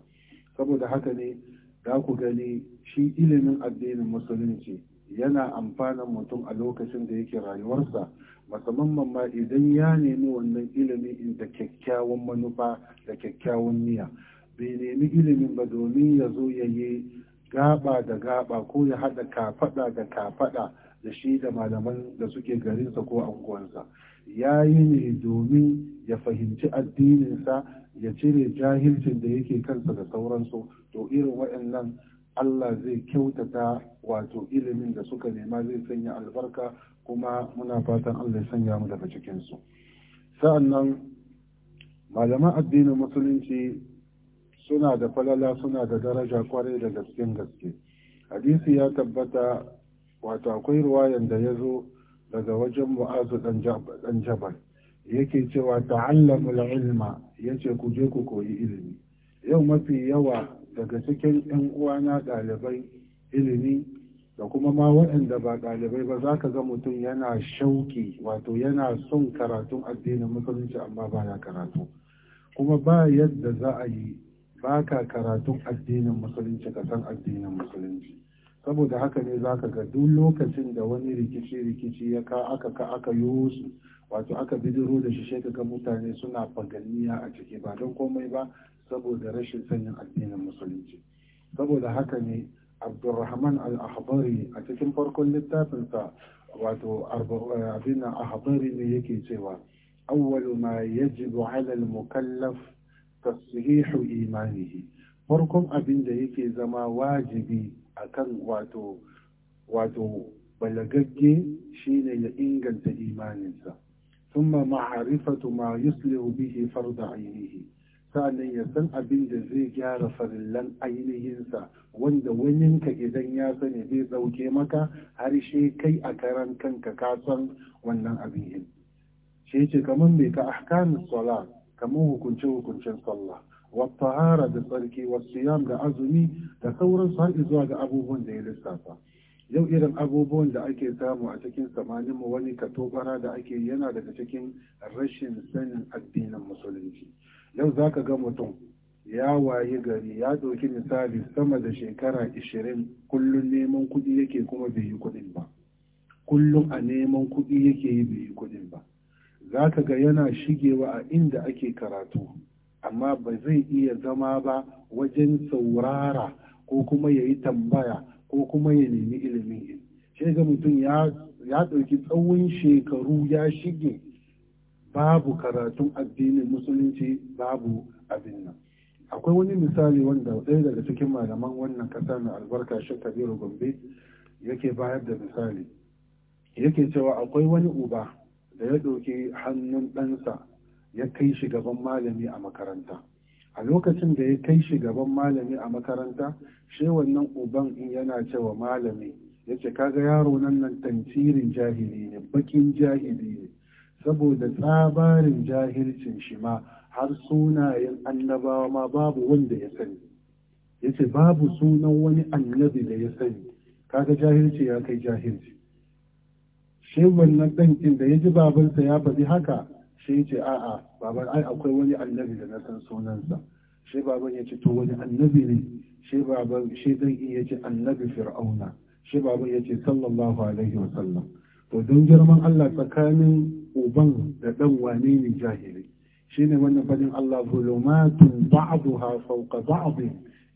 saboda haka ne za ku gani shi ilimin addinin musulunci yana amfanan mutum a lokacin da yake rayuwarsa musamman ma idan ya nemi wannan ilimi da kyakkyawan manufa da kyakkyawan niyya bai nemi ilimin ba domin ya zo ya yi gaba da gaba ko ya haɗa kafaɗa da kafaɗa da shi da malaman da suke garinsa ko anguwansa ya yi ne domin ya fahimci addininsa ya cire jahilcin da yake kansa da sauransu to irin waɗannan Allah zai kyautata wato ilimin da suka nema zai sanya albarka kuma muna fatan Allah ya sanya mu daga cikinsu sa'annan malaman addinin musulunci suna da falala suna da daraja kwarai da gasken gaske hadisi ya tabbata wato akwai ruwayan da ya zo daga wajen mu'azu dan jabal yake cewa ta'allamul ilma yace ku je ku koyi ilimi yau mafi yawa daga cikin yan uwana ɗalibai ilimi da kuma ma waɗanda ba ɗalibai ba za ka ga mutum yana shauki wato yana son karatun addinin musulunci amma ba ya karatu kuma ba yadda za a yi ba ka karatun addinin musulunci ka san addinin musulunci saboda haka ne za ka ga duk lokacin da wani rikici-rikici ya ka aka ka aka yi su wato aka bidiro da shi sai ka mutane suna faganniya a ciki ba don komai ba saboda rashin sanin addinin musulunci saboda haka ne abdurrahman al-ahbari a cikin farkon littafinsa wato abin ahbari ne yake cewa awwalu ma yajibu ala al-mukallaf tasrihu imanihi farkon abin da yake zama wajibi akan wato wato balagagge shine ya inganta imaninsa thumma ma'rifatu ma yuslihu bihi farda ainihi sa'annan ya san abin da zai gyara farillan ainihinsa wanda waninka idan ya sani zai dauke maka har shi kai a karan kanka ka san wannan abin shi kamar mai ka ahkamus salat kamar hukunce-hukuncen sallah wattahara da tsarki wasiyam da azumi da sauran har zuwa ga abubuwan da ya lissafa yau irin abubuwan da ake samu a cikin samanin mu wani katobara da ake yana daga cikin rashin sanin addinin musulunci yau za ka ga mutum ya waye gari ya ɗauki misali sama da shekara 20 kullum neman kuɗi yake kuma bai yi ba kullum a neman kuɗi yake yi bai yi kuɗin ba za ka ga yana shigewa a inda ake karatu amma ba zai iya zama ba wajen saurara ko kuma ya yi tambaya ko kuma ya nemi ilimin shi ga mutum ya ɗauki tsawon shekaru ya shige babu karatun addinin musulunci babu abin nan akwai wani misali wanda ɗaya daga cikin malaman wannan ƙasa na albarka shi kabiru gombe yake bayar da misali yake cewa akwai wani uba da ya ɗauki hannun ɗansa ya kai shi gaban malami a makaranta a lokacin da ya kai shi gaban malami a makaranta shi wannan uban in yana cewa malami ya ce kaga yaro nan nan tantirin jahili ne bakin jahili ne saboda tsabarin jahilcin shi ma har sunayen annabawa ma babu wanda ya sani ya ce babu sunan wani annabi da ya sani kaga jahilci ya kai jahilci shi wannan ɗankin da ya ji babansa ya faɗi haka shi ce a'a baban ai akwai wani annabi da na san sunansa shi baban ya ce to wani annabi ne shi baban shi ɗankin ya ce annabi fir'auna shi baban ya ce sallallahu alaihi wa sallam to don girman Allah tsakanin uban da ɗan wane ne jahili shine wannan fadin Allah zulumatun ba'daha fawqa ba'd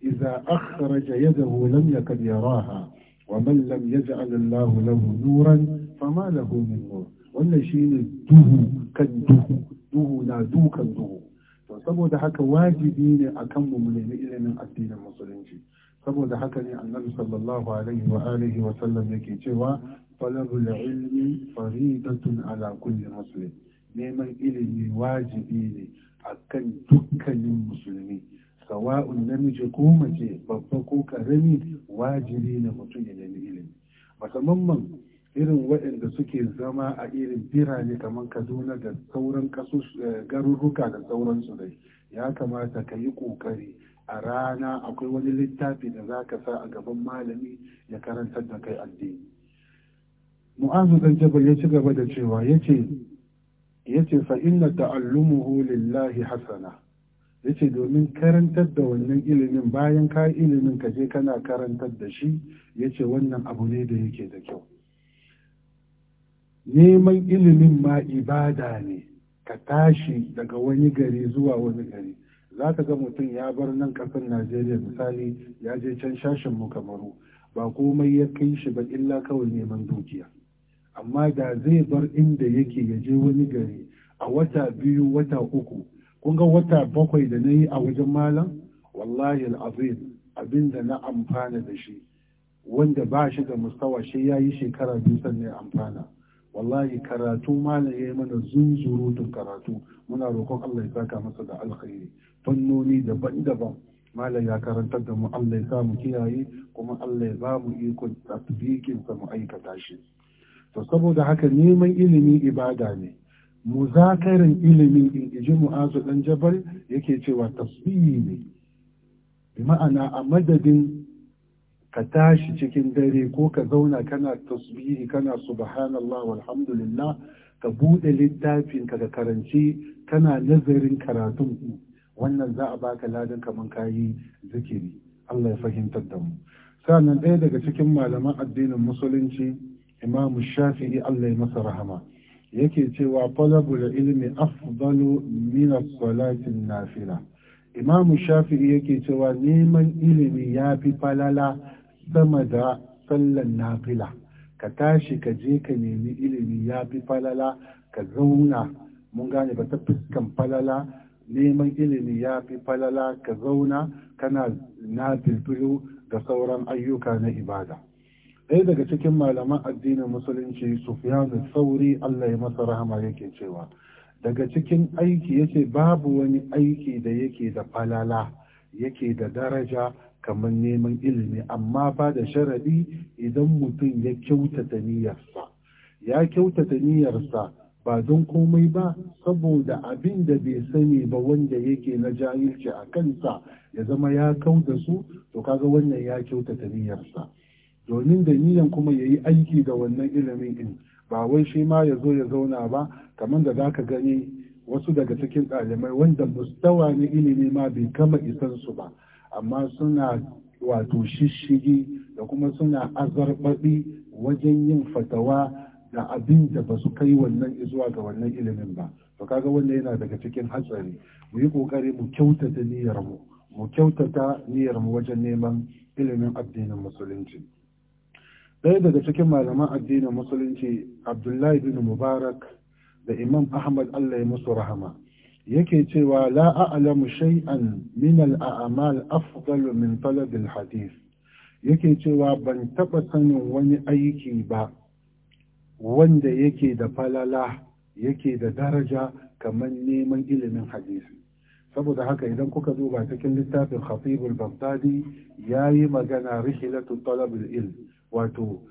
idza akhraja yadahu lam yakad yaraha wa man lam yaj'al Allah lahu nuran fama da homin nur wannan shi ne duhu kan duhu duhu na dukan duhu to saboda haka wajibi ne akan kanmu mu nemi ilimin addinin musulunci saboda haka ne annabi sallallahu alaihi wa alihi wa sallam yake cewa talabul ilmi faridatun ala kulli muslim neman ilimi wajibi ne akan dukkanin musulmi sawa'un namiji ko mace babba ko karami wajibi ne mutum ya nemi ilimi musamman irin waɗanda suke zama a irin birane kamar kaduna da sauran eh, garuruka da sauransu dai ya kamata ka yi ƙoƙari a rana akwai wani littafi da za ka sa a gaban malami ya karantar da kai addini mu'azu dan jabal ya ci gaba da cewa yace yace fa inna ta'allumuhu lillahi hasana yace domin karantar da wannan ilimin bayan ka ilimin ka je kana karantar da shi yace wannan abu ne da yake da kyau neman ilimin ma ibada ne ka tashi daga wani gari zuwa wani gari za ka ga mutum ya bar nan ƙasar najeriya misali ya je can shashin mu kamaru ba komai ya kai shi ba illa kawai neman dukiya amma da zai bar inda yake ya je wani gari a wata biyu wata uku kun ga wata bakwai da na yi a wajen malam wallahi al'azim abin da na amfana da shi wanda ba shi da mustawa shi ya yi shekara biyu sannan amfana wallahi karatu malam ya yi mana zunzurutun karatu muna roƙon Allah ya saka masa da alkhairi fannoni daban-daban malam ya karantar da mu Allah ya sa mu kiyaye kuma Allah ya ba mu ikon tasbikin sa mu aikata shi to saboda haka neman ilimi ibada ne muzakarin ilimin in iji mu'azu dan jabar yake cewa tasbihi ne bi ma'ana a madadin ka tashi cikin dare ko ka zauna kana tasbihi kana subhanallah walhamdulillah ka bude littafin ka karanci kana nazarin karatun wannan za a baka ladan kaman kayi zikiri Allah ya fahimtar da mu sannan ɗaya daga cikin malaman addinin musulunci Imam Shafi'i Allah ya masa rahama yake cewa talabul ilmi afdalu min as-salati nafila Imam Shafi'i yake cewa neman ilimi yafi falala sama da sallan nafila ka tashi ka je ka nemi ilimi ya fi falala ka zauna mun gane ba ta fuskan falala neman ilimi ya fi falala ka zauna kana na filfilo da sauran ayyuka na ibada ɗaya daga cikin malaman addinin musulunci sufyan sauri allah ya masa rahama yake cewa daga cikin aiki yace babu wani aiki da yake da falala yake da daraja kamar neman ilimi amma ba da sharaɗi idan mutum ya kyautata niyyarsa ya kyautata niyyarsa ba don komai ba saboda abin da bai sani ba wanda yake na jahilci a kansa ya zama ya kau da su to kaga wannan ya kyautata niyyarsa domin da niyan kuma ya yi aiki da wannan ilimin in ba wai shi ma ya zo ya zauna ba kamar da zaka gani wasu daga cikin ɗalibai wanda mustawa na ilimi ma bai kama isansu ba amma suna wato shishigi da kuma suna azarbaɗi wajen yin fatawa da abin da ba su kai wannan zuwa ga wannan ilimin ba to kaga wanda yana daga cikin hatsari mu yi kokari mu kyautata niyyar mu mu kyautata niyyar mu wajen neman ilimin addinin musulunci ɗaya daga cikin malaman addinin musulunci abdullahi bin mubarak da imam ahmad allah ya musu rahama yake cewa la a'lamu shay'an min al-a'mal afdal min talab al-hadith yake cewa ban taba sanin wani aiki ba wanda yake da falala yake da daraja kamar neman ilimin hadisi saboda haka idan kuka duba cikin littafin al baghdadi yayi magana rihlatu talab al-ilm wato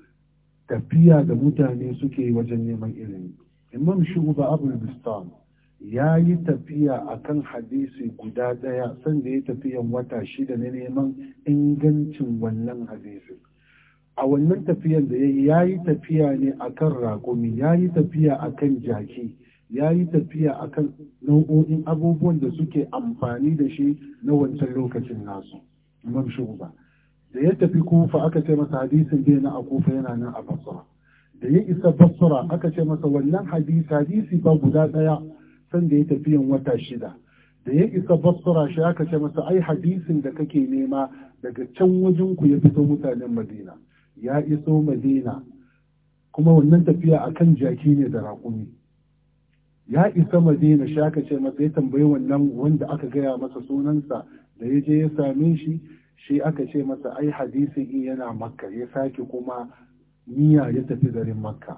tafiya da mutane suke wajen neman ilimi imam shu'ba abul bistan ya yi tafiya a kan hadisi guda ɗaya sanda ya tafiyan wata shida na neman ingancin wannan hadisi. a wannan tafiyan da ya yi tafiya ne a kan raƙumi ya yi tafiya a kan jaki ya yi tafiya a kan nau'o'in abubuwan da suke amfani da shi na wancan lokacin nasu da ya tafi kufa aka ce masa hadisin bai na a kufa yana nan a basura da ya isa basura aka ce masa wannan hadisi hadisi ba guda ɗaya sanda ya tafiyan wata shida da ya isa basura shi aka ce masa ai hadisin da kake nema daga can wajen ku ya fito mutanen madina ya iso madina kuma wannan tafiya akan jaki ne da raƙumi ya isa madina shi aka ce masa ya tambayi wannan wanda aka gaya masa sunansa da ya je ya same shi shi aka ce masa ai hadisin yana makka ya sake kuma niyya ya tafi garin makka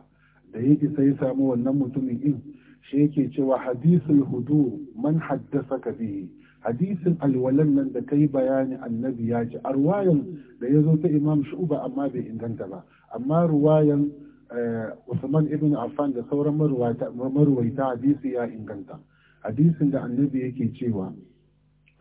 da ya isa ya samu wannan mutumin in shi yake cewa hadisin hudu man haddasa ka bihi hadisin alwalan nan da kai bayani annabi ya ji a ruwayan da ya zo ta imam shu'ba amma bai inganta ba amma ruwayan eh, usman ibn affan da sauran maruwaita hadisi ya inganta hadisin da annabi yake cewa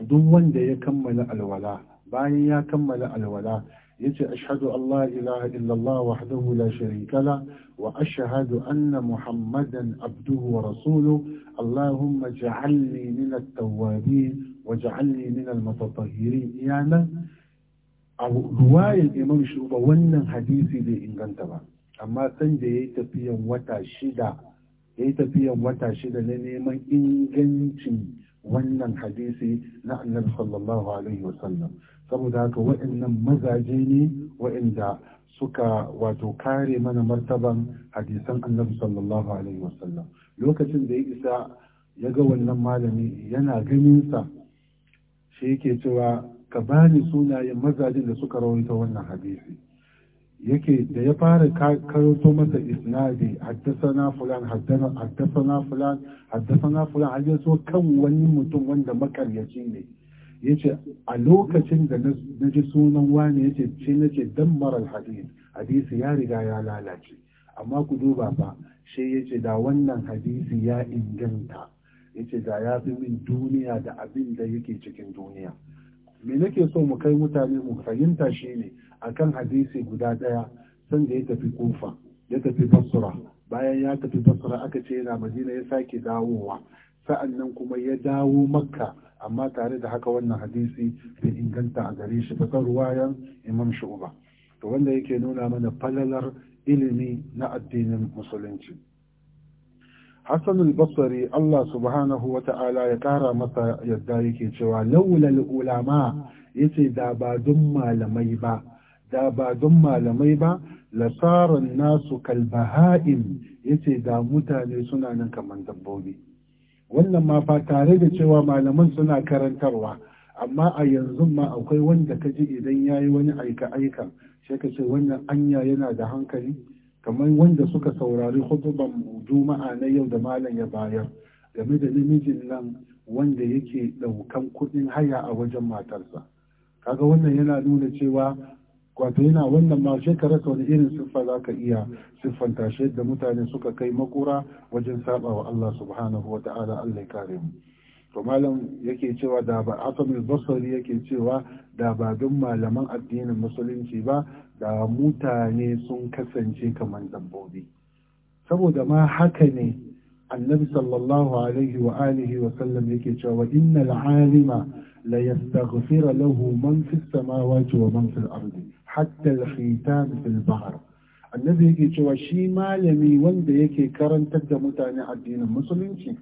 duk wanda ya kammala alwala bayan ya kammala alwala yace ashhadu Allah la ilaha illallah wahdahu la sharika la wa ashhadu anna muhammadan abduhu wa rasuluhu allahumma ij'alni min at-tawwabin waj'alni min al-mutatahhirin yana a ruwayar imam shuba wannan hadisi bai inganta ba amma san da yayi tafiyan wata shida yayi tafiyan wata shida na neman ingancin wannan hadisi na annabi sallallahu alaihi wasallam saboda haka waɗannan mazaje ne waɗanda suka wato kare mana martaban hadisan annabi sallallahu alaihi wasallam lokacin da ya isa ya ga wannan malami yana ganinsa shi yake cewa ka bani sunayen mazajen da suka rawaita wannan hadisi yake da ya fara karanto masa isnadi haddasana fulan haddasana fulan haddasana fulan kan wani mutum wanda makaryaci ne ya ce a lokacin da na ji sunan wani ya ce ce na ce dan marar hadis hadisi ya riga ya lalace amma ku duba ba shi ya ce da wannan hadisi ya inganta ya ce da ya fi min duniya da abin da yake cikin duniya me nake so mu kai mutane mu fahimta shi ne a kan hadisi guda ɗaya sanda ya tafi kufa ya tafi basura bayan ya tafi basura aka ce yana madina ya sake dawowa sa'annan kuma ya dawo makka amma tare da haka wannan hadisi bai inganta a gare shi ta ruwayan imam shu'ba to wanda yake nuna mana falalar ilimi na addinin musulunci Hassan al Allah subhanahu waTa'ala ya kara masa yadda yake cewa laulal ulama yace da ba dun malamai ba da ba dun malamai ba lasaran nasu kalbaha'im yace da mutane suna nan kamar dabbobi wannan ma fa tare da cewa malaman suna karantarwa amma a yanzu ma akwai wanda ka ji idan ya yi wani aika-aika sai ka ce wannan anya yana da hankali kamar wanda suka saurari hudubar juma'a na yau da malam ya bayar game da namijin nan wanda yake ɗaukan kuɗin haya a wajen matarsa kaga wannan yana nuna cewa wato yana wannan ma ta wani irin siffa za ka iya siffanta shi yadda mutane suka kai makura wajen saba wa Allah subhanahu wa ta'ala Allah ya kare mu to malam yake cewa da ba asamil basari yake cewa da ba duk malaman addinin musulunci ba da mutane sun kasance kamar dabbobi saboda ma haka ne annabi sallallahu alaihi wa alihi wa sallam yake cewa innal alima la yastaghfira lahu man fis samawati wa man fil ardi hatta al-khitan fil bahr annabi yake cewa shi malami wanda yake karantar da mutane addinin musulunci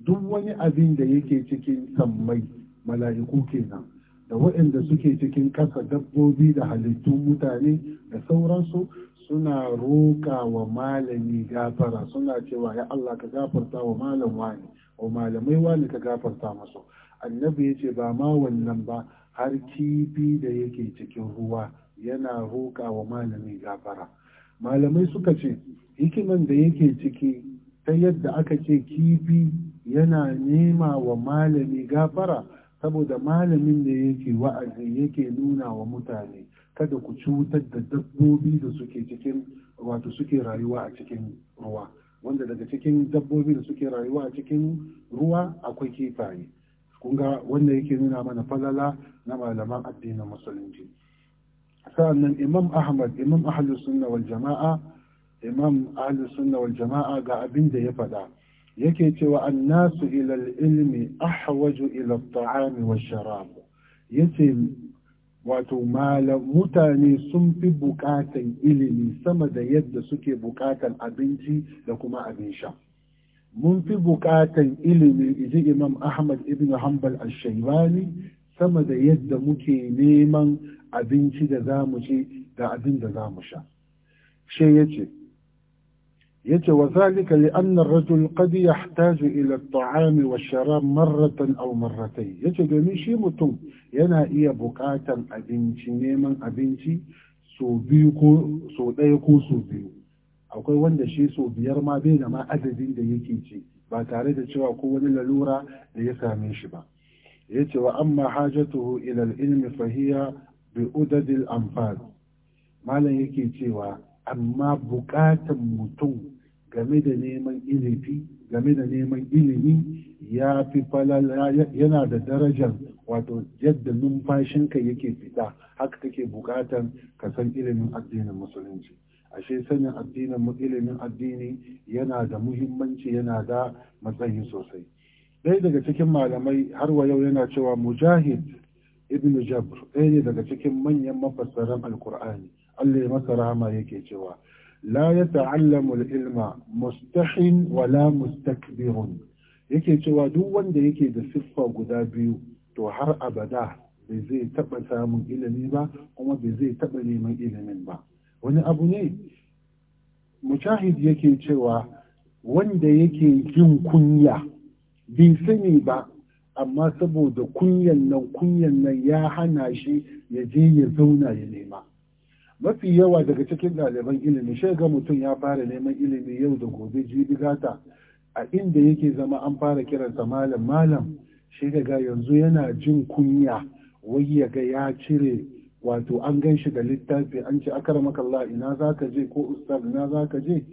duk wani abin da yake cikin sammai mala'iku kenan da waɗanda suke cikin kasa dabbobi da halittun mutane da sauransu suna roƙa wa malami gafara suna cewa ya Allah ka gafarta wa malam wani wa malamai wani ka gafarta masu annabi ya ce ba ma wannan ba har kifi da yake cikin ruwa yana roƙa wa malami gafara malamai suka ce hikiman da yake ciki ta yadda aka ce kifi yana nema wa malami gafara saboda malamin da yake wa'azi yake nuna wa mutane kada ku cutar da dabbobi da suke cikin wato suke rayuwa a cikin ruwa wanda daga cikin dabbobi da suke rayuwa a cikin ruwa akwai kifaye kun ga wanda yake nuna mana falala na malaman addinin musulunci sa'annan imam ahmad imam ahlus sunna wal jama'a imam ahlus sunna wal jama'a ga abin da ya faɗa yake cewa annasu ila ilmi ahwaju ila taam wa sharab yace wato malam mutane sun fi bukatan ilimi sama da yadda suke bukatan abinci da kuma abin sha mun fi bukatan ilimi iji imam ahmad ibn hanbal al-shaybani sama da yadda muke neman abinci da za mu ci da abin da za mu sha she yace ce wa zalika li anna rajul qad yahtaju ila at-ta'am wa sharab marratan aw marratayn yace domin shi mutum yana iya buƙatan abinci neman abinci so biyu ko so ɗaya ko so biyu akwai wanda shi so biyar ma bai da ma adadin da yake ci ba tare da cewa ko wani lalura da ya same shi ba yace wa amma hajatuhu ila al-ilmi fa hiya bi udadil amfal malam yake cewa amma buƙatan mutum game da neman ilimi game da neman ilimi ya fi falala yana da darajar wato yadda numfashin numfashinka yake fita haka kake buƙatar ka san ilimin addinin musulunci ashe sanin addinin ilimin addini yana da muhimmanci yana da matsayi sosai ɗaya daga cikin malamai har wa yau yana cewa mujahid ibn jabr ɗaya ne daga cikin manyan mafassaran alkur'ani allah ya masa rahama yake cewa la ya ta'allamu ilma mustahin wala mustakbirun yake cewa duk wanda yake da siffa guda biyu to har abada bai zai taɓa samun ilimi ba kuma bai zai taɓa neman ilimin ba wani abu ne mujahid yake cewa wanda yake jin kunya bai sani ba amma saboda kunyan nan kunyan nan ya hana shi ya je ya zauna ya nema mafi yawa daga cikin ɗaliban ilimi shi ga mutum ya fara neman ilimi yau da gobe jibi gata a inda yake zama an fara kiransa malam malam shi ga yanzu yana jin kunya wai ya ga ya cire wato an gan shi da littafi an ce akaramakallah ina za ka je ko ustaz ina za ka je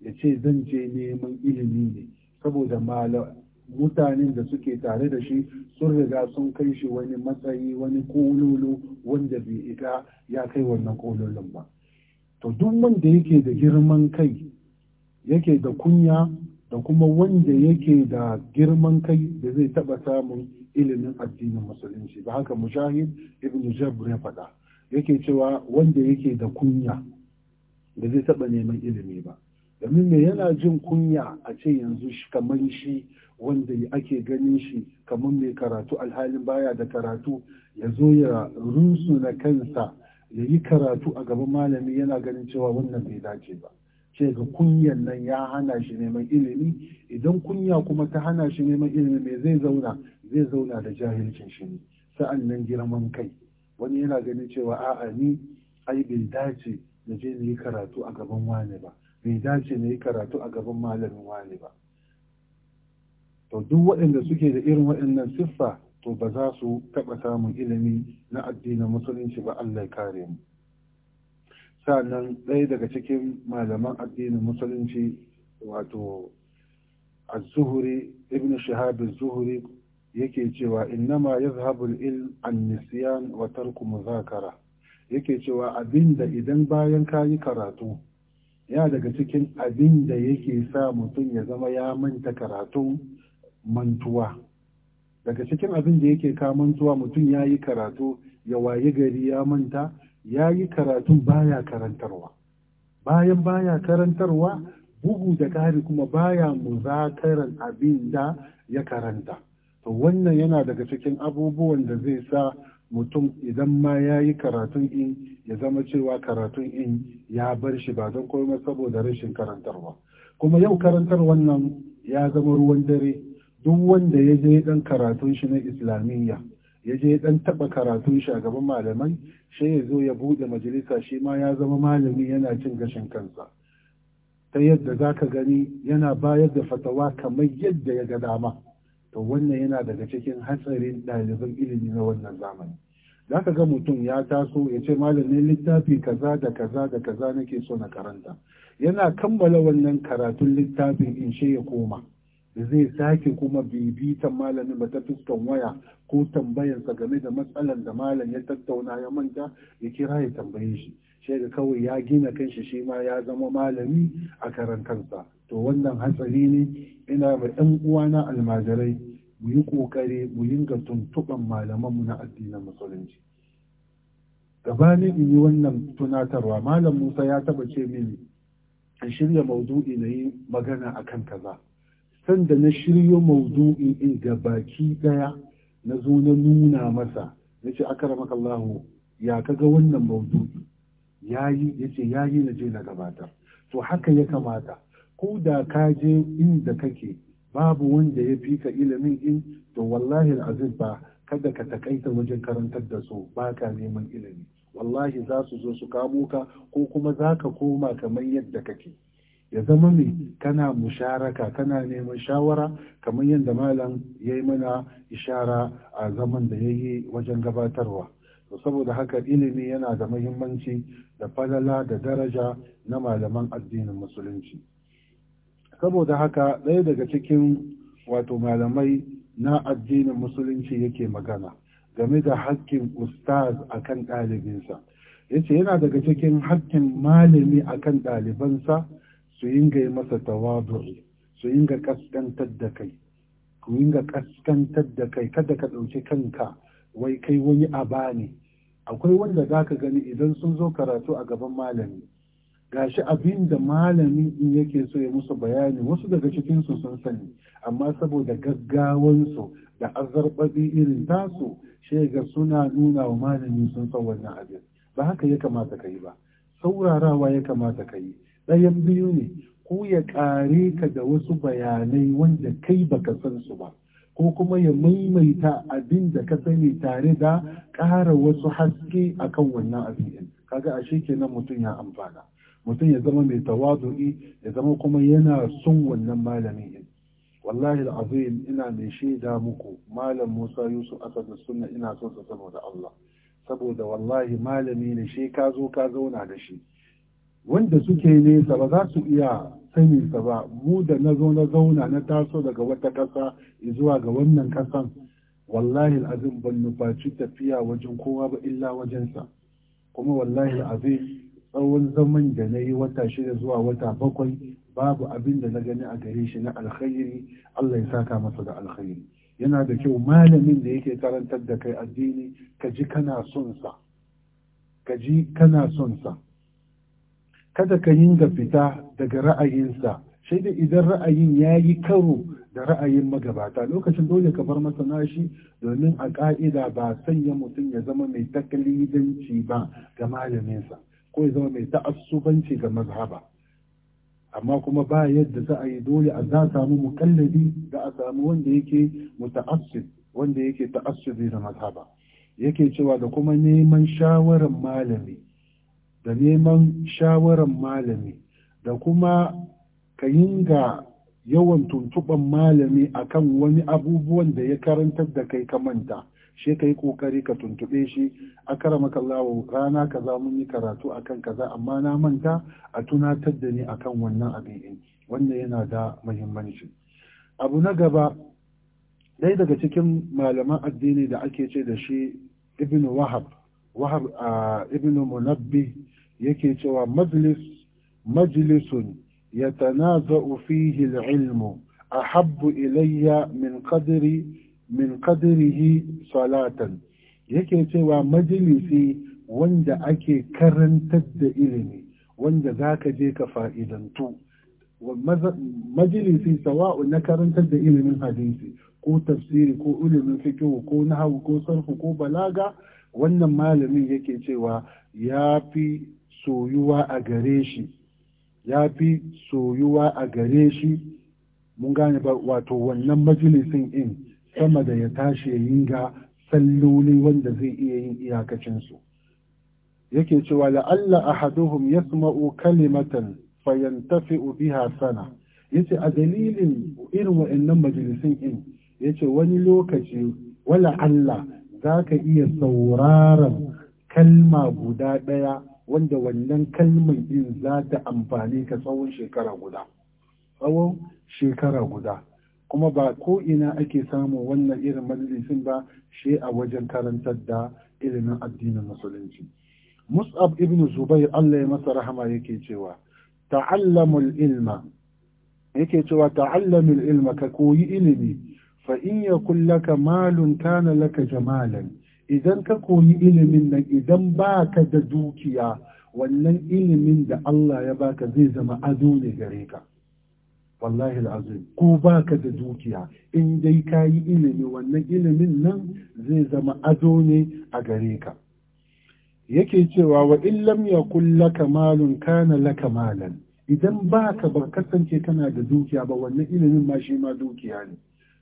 ya ce zan je neman ilimi ne saboda malam mutanen da suke tare da shi sun riga sun kai shi wani matsayi wani kololo wanda bai iga ya kai wannan kololon ba to duk wanda yake da girman kai yake da kunya da kuma wanda yake da girman kai da zai taba samun ilimin addinin musulunci ba haka mujahid ibn jabr ya faɗa yake cewa wanda yake da kunya da zai taba neman ilimi ba domin me yana jin kunya a ce yanzu kamar shi wanda ake ganin shi kamar mai karatu alhalin baya da karatu ya zo ya na kansa ya yi karatu a gaban malami yana ganin cewa wannan bai dace ba ce ga kunyan nan ya hana shi neman ilimi idan kunya kuma ta hana shi neman ilimi mai zai zauna zai zauna da jahilcin shi ne sa'an nan girman kai wani yana ganin cewa a'a ni ai bai dace na je na yi karatu a gaban wani ba bai dace na yi karatu a gaban malamin wani ba to duk waɗanda suke da irin waɗannan siffa to ba za su taɓa samun ilimi na addinin musulunci ba Allah ya kare mu sannan ɗaya daga cikin malaman addinin musulunci wato az-zuhri ibn shahab az-zuhri yake cewa innama yazhabu al-ilm an nisyan wa tarku muzakara yake cewa abinda idan bayan kayi karatu ya daga cikin abinda yake sa mutum ya zama ya manta karatu mantuwa daga cikin abin da yake ka mantuwa mutum ya yi karatu ya waye gari ya manta ya yi karatu baya karantarwa bayan baya karantarwa bugu da ƙari kuma baya muzakaran abin da ya karanta to wannan yana daga cikin abubuwan da zai sa mutum idan ma ya yi karatun in ya zama cewa karatun in ya bar shi ba don komai saboda rashin karantarwa kuma yau karantar wannan ya zama ruwan dare duk wanda ya je ɗan karatun shi na islamiyya ya je ɗan taɓa karatun shi a gaban malamai sai ya zo ya buɗe majalisa shi ma ya zama malami yana cin gashin kansa ta yadda za zaka gani yana bayar da fatawa kamar yadda ya ga dama to wannan yana daga cikin hatsarin ɗaliban ilimi na wannan zamani za ka ga mutum ya taso ya ce malamin littafi kaza da kaza da kaza nake so na karanta yana kammala wannan karatun littafin in shi ya koma zai sake kuma bibitan malamin ba ta fuskan waya ko tambayarsa game da matsalar da malam ya tattauna ya manta ya kira ya tambaye shi shi kawai ya gina kanshi shi ma ya zama malami a karan kansa to wannan hatsari ne ina ma ɗan uwana almajirai mu yi ƙoƙari mu yinga tuntuɓan malamanmu na addinin musulunci gabanin in yi wannan tunatarwa malam musa ya taba ce mini in shirya maudu'i na yi magana akan kaza sanda na shiryo maudu'in in ga baki daya na zo na nuna masa na ce rama kallahu ya kaga wannan maudu'i ce ya yi na je na gabatar to haka ya kamata ko da ka je inda kake babu wanda ya fi ka ilimin in to wallahi al-aziz ba kada ka takaita wajen karantar da su ba ka neman ilimi wallahi za su zo su kamo ka ko kuma za ka koma kamar yadda kake ya zama mai kana musharaka kana neman shawara kamar yadda malam ya yi mana ishara a zaman da ya yi wajen gabatarwa to saboda haka ilimi yana da mahimmanci da falala da daraja na malaman addinin musulunci saboda haka ɗaya daga cikin wato malamai na addinin musulunci yake magana game da hakkin ustaz akan ɗalibinsa yace yana daga cikin hakkin malami akan ɗalibansa su yinga yi masa tawadu'i su yinga kaskantar da kai ku yinga kaskantar da kai kada ka ɗauki kanka wai kai wani aba ne akwai wanda za ka gani idan sun zo karatu a gaban malami gashi abin da malami in yake so ya musu bayani wasu daga cikinsu sun sani amma saboda gaggawansu da azarbaɗi irin tasu shega suna nuna wa malami sun san wannan abin ba haka ya kamata ka yi ba saurarawa ya kamata ka yi ɗayan biyu ne ko ya ƙare ka da wasu bayanai wanda kai baka san su ba ko kuma ya maimaita abin da ka sani tare da ƙara wasu haske akan wannan abin kaga ashe kenan mutum ya amfana mutum ya zama mai tawazu'i ya zama kuma yana son wannan malamin din wallahi alazim ina mai shaida muku malam Musa Yusuf Asad sunna ina son sa saboda Allah saboda wallahi malami ne shi ka zo ka zauna da shi wanda suke nesa ba za su iya sani sa ba mu da na zo na zauna na taso daga wata ƙasa zuwa ga wannan ƙasan wallahi azim ban nufaci tafiya wajen kowa ba illa wajensa kuma wallahi azim tsawon zaman da na yi wata shida zuwa wata bakwai babu abin da na gani a gare shi na alkhairi Allah ya saka masa da alkhairi yana da kyau malamin da yake karantar da kai addini ka ji kana son sa ka ji kana son sa kada ka yinga fita daga ra'ayinsa sai da idan ra'ayin ya yi karo da ra'ayin magabata lokacin dole ka bar masa nashi domin a ƙa'ida ba sanya mutum ya zama mai takalidanci ba ga malaminsa ko ya zama mai ta'assubanci ga mazhaba amma kuma ba yadda za a yi dole a za samu muƙallabi da a samu wanda yake muta'assib wanda yake ta'assubi da mazhaba yake cewa da kuma neman shawarar malami da neman shawaran malami da kuma ka yinga yawan tuntuɓan malami akan wani abubuwan da ya karantar da kai ka manta shi ka yi ƙoƙari ka tuntuɓe shi a karamaka lawo rana za mun yi karatu a kan kaza amma na manta a tunatar da ni kan wannan abin in wannan yana da muhimmanci abu na gaba dai daga cikin malaman addini da ake ce da shi ibn wahab wahab a ah, ibn munabbi yake cewa majlis majlisun yatanaza'u fihi al-ilmu ahabbu ilayya min qadri salatan yake cewa majalisi wanda ake karantar da ilimi wanda zaka je ka fa'idantu majalisi sawa'u na karantar da ilimin hadisi ko tafsiri ko ilimin fikihu ko nahawu ko sarfu ko balaga wannan malamin yake cewa ya fi soyuwa a gare shi ya fi soyuwa a gare shi mun gane ba wato wannan majalisin in sama da ya tashi ya yinga salloli wanda zai iya yin iyakacinsu yake cewa la'alla ahaduhum yasma'u kalimatan fayantafi'u biha sana ce a dalilin irin wa'annan majalisin in ya ce wani lokaci wala Allah ka iya sauraron kalma guda ɗaya wanda wannan kalmar din za ta amfani ka tsawon shekara guda tsawon shekara guda kuma ba ko ina ake samun wannan irin majalisin ba shi a wajen karantar da ilimin addinin musulunci mus'ab ibn zubair Allah ya masa rahama yake cewa ta'allamul ilma yake cewa ta'allamul ilma ka koyi ilimi fa in yakul laka malun kana laka jamalan idan ka koyi ilimin nan idan ba ka da dukiya wannan ilimin da Allah ya baka zai zama ado ne gare ka wallahi al'azim ko baka da dukiya in dai ka yi ilimi wannan ilimin nan zai zama ado ne a gare ka yake cewa wa illam ya kulla kamalun kana la kamalan idan baka ba kasance kana da dukiya ba wannan ilimin ma shi ma dukiya ne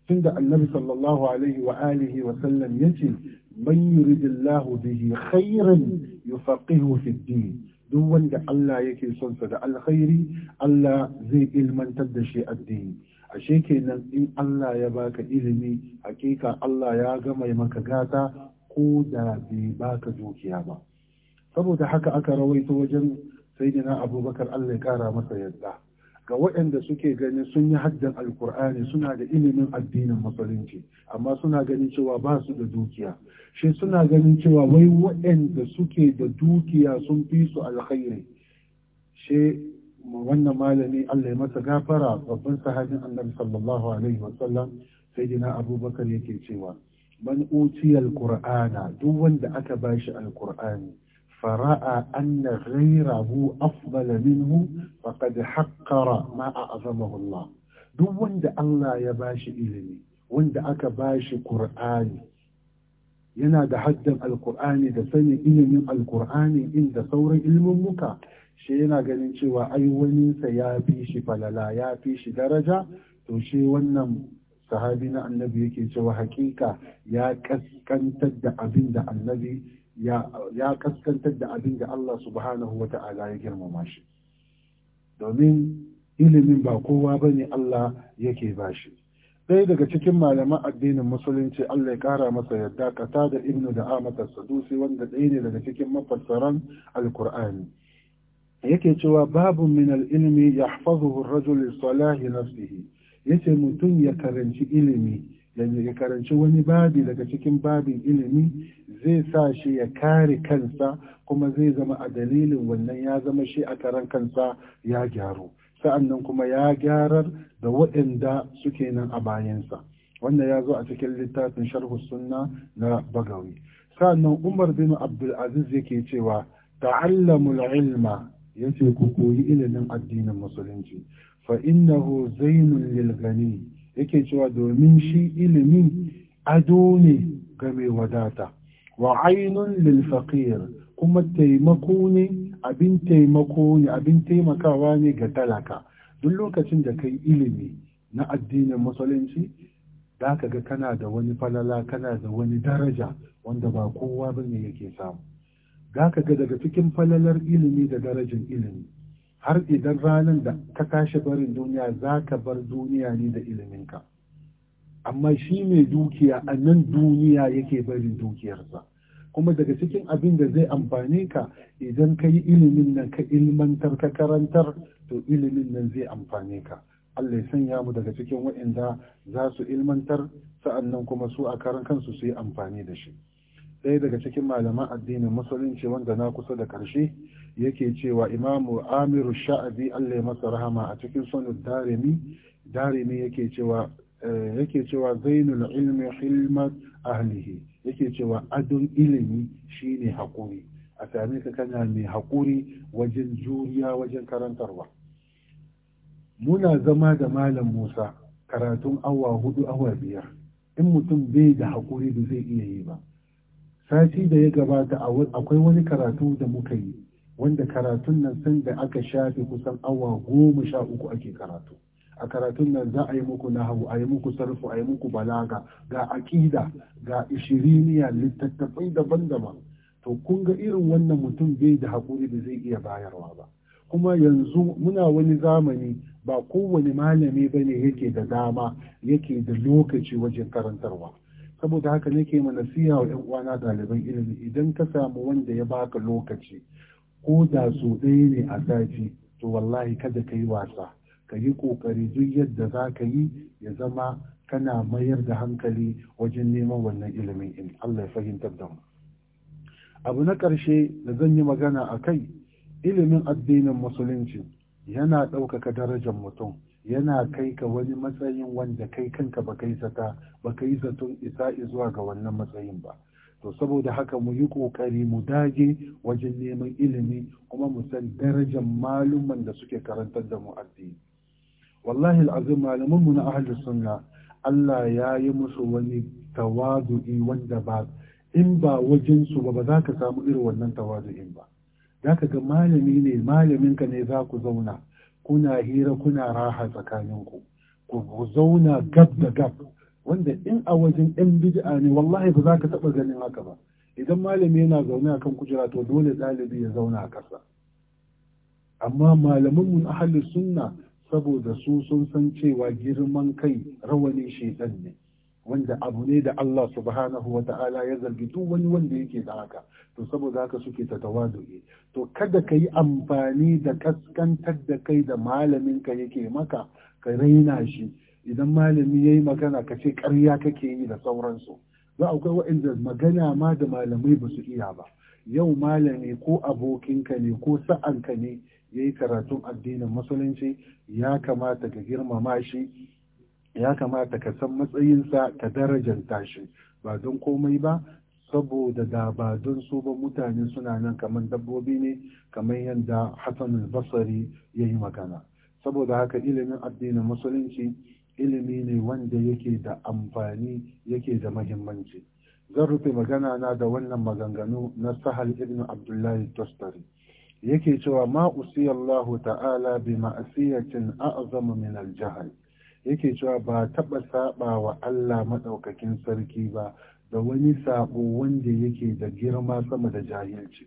tunda annabi sallallahu alaihi wa alihi wa sallam yace man yuridillahu bihi khairan yufaqihu fi din duk wanda Allah yake son sa da alkhairi Allah zai ilmantar da shi addini ashe kenan in Allah ya baka ilimi hakika Allah ya gama maka gata ko da bai baka dukiya ba saboda haka aka rawaito wajen sayyidina Abubakar Allah ya kara masa yadda ga waɗanda suke ganin sun yi haddan alkur'ani suna da ilimin addinin musulunci amma suna ganin cewa ba su da dukiya shi suna ganin cewa wai waɗanda suke da dukiya sun fi su alkhairi shi wannan malami Allah ya masa gafara babban sahabin annabi sallallahu alaihi sallam sai dina abubakar yake cewa man utiyal qur'ana duk wanda aka bashi alkur'ani فرأى أن غيره أفضل منه فقد حقر ما أعظمه الله duk wanda Allah ya ba shi ilimi wanda aka ba shi Kur'ani, yana da haddan alkur'ani da sanin ilimin alkur'ani inda sauran ilimin muka shi yana ganin cewa ai waninsa ya fi shi falala ya fi shi daraja to shi wannan sahabi na annabi yake cewa hakika ya kaskantar da abin da annabi ya kaskantar da abin da Allah subhanahu wa ta'ala ya girmama shi domin ilimin ba kowa ba ne Allah yake ba shi ɗaya daga cikin malaman addinin musulunci Allah ya ƙara masa yadda kata da ibnu da amatar sadusi wanda ɗaya ne daga cikin mafassaran alkur'ani yake cewa babu min ilimi ya hafazuhu rajul salahi nafsihi yace mutum ya karanci ilimi da ya karanci wani babi daga cikin babin ilimi zai sa shi ya kare kansa kuma zai zama a dalilin wannan ya zama shi a karan kansa ya gyaru sa'annan kuma ya gyarar da waɗanda suke nan a bayansa wanda ya zo a cikin littafin sharhu sunna na bagawi sa'annan umar bin abdulaziz yake cewa ta'allamul ilma yace ku koyi ilimin addinin musulunci fa innahu zainul lil ghani yake cewa domin shi ilimin ado ne ga mai wadata wa ainun lil faqir kuma taimako ne abin taimako ne abin taimakawa ne ga talaka duk lokacin da kai ilimi na addinin musulunci za ka ga kana da wani falala kana da wani daraja wanda ba kowa bane yake samu za ka ga daga cikin falalar ilimi da darajin ilimi har idan ranar da ka kashe barin duniya za ka bar duniya ne da iliminka amma shi mai dukiya a nan duniya yake barin dukiyarsa kuma daga cikin abin da zai amfane ka idan ka yi ilimin nan ka ilmantar ka karantar to ilimin nan zai amfane ka Allah ya sanya mu daga cikin waɗanda za su ilmantar sa'annan kuma su a karan kansu su yi amfani da shi ɗaya daga cikin malaman addinin musulunci wanda na kusa da ƙarshe yake cewa imamu amiru sha'abi allai masa rahama a cikin sunan darimi darimi yake cewa eh, yake cewa zainul ilmi hilmat ahlihi yake cewa adon ilimi shine hakuri a same ka kana mai hakuri wajen juriya wajen karantarwa muna zama da malam Musa karatun awa hudu awa biyar in mutum bai da hakuri da zai iya yi ba sati da ya gabata akwai wani karatu da muka yi wanda karatun nan sun da aka shafe kusan awa goma sha uku ake karatu a karatun nan za a yi muku nahawu a yi muku sarfu a yi muku balaga ga aƙida ga ishiriniya littattafai daban-daban to kun ga irin wannan mutum bai da haƙuri da zai iya bayarwa ba kuma yanzu muna wani zamani ba kowane malami ba ne yake da dama yake da lokaci wajen karantarwa saboda haka nake ma nasiha wa 'yan uwana ɗaliban ilimi idan ka samu wanda ya baka lokaci ko da su ɗaya ne a sati to wallahi kada ka yi wasa ka yi ƙoƙari duk yadda za ka yi ya zama kana mayar da hankali wajen neman wannan ilimin in Allah ya fahimtar da mu abu na ƙarshe da zan yi magana a kai ilimin addinin musulunci yana ɗaukaka darajar mutum yana kai ka wani matsayin wanda kai kanka ba kai zata ba kai zaton isa zuwa ga wannan matsayin ba to saboda haka mu yi ƙoƙari mu dage wajen neman ilimi kuma mu san darajar maluman da suke karantar da mu addini wallahi al'azim malaman mu na ahlus sunna Allah ya yi musu wani tawazu'i wanda ba in ba wajen su ba za ka samu irin wannan tawazu'in ba za ka ga malami ne malaminka ne za ku zauna kuna hira kuna raha tsakaninku ku zauna gab da gab wanda in a wajen ɗan bid'a ne wallahi ba za ka taɓa ganin haka ba idan malami yana zaune a kan kujera to dole ɗalibi ya zauna a ƙasa amma malaman mun ahali sunna saboda su sun san cewa girman kai rawani shaitan ne wanda abu ne da Allah subhanahu wa ta'ala ya zargi duk wani wanda yake da haka to saboda haka suke ta tawadu'i to kada ka yi amfani da kaskantar da kai da malamin ka yake maka ka raina shi idan malami ya yi magana ka ce ƙarya kake yi da sauransu za akwai waɗanda magana ma da malamai ba su iya ba yau malami ko abokinka ne ko sa'anka ne ya yi karatun addinin musulunci ya kamata ka girmama shi ya kamata ka san matsayinsa ka darajanta tashi. ba don komai ba saboda da ba don su ba mutane suna nan kamar dabbobi ne kamar yadda hassan basari ya yi magana saboda haka ilimin addinin musulunci ilimi ne wanda yake da amfani yake da mahimmanci zan rufe magana na da wannan maganganu na sahal ibn abdullahi tostari yake cewa ma allah ta'ala bi ma'asiyatin a'zamu min al yake cewa ba taɓa saɓa wa Allah maɗaukakin sarki ba da wani saɓo wanda yake da girma sama da jahilci.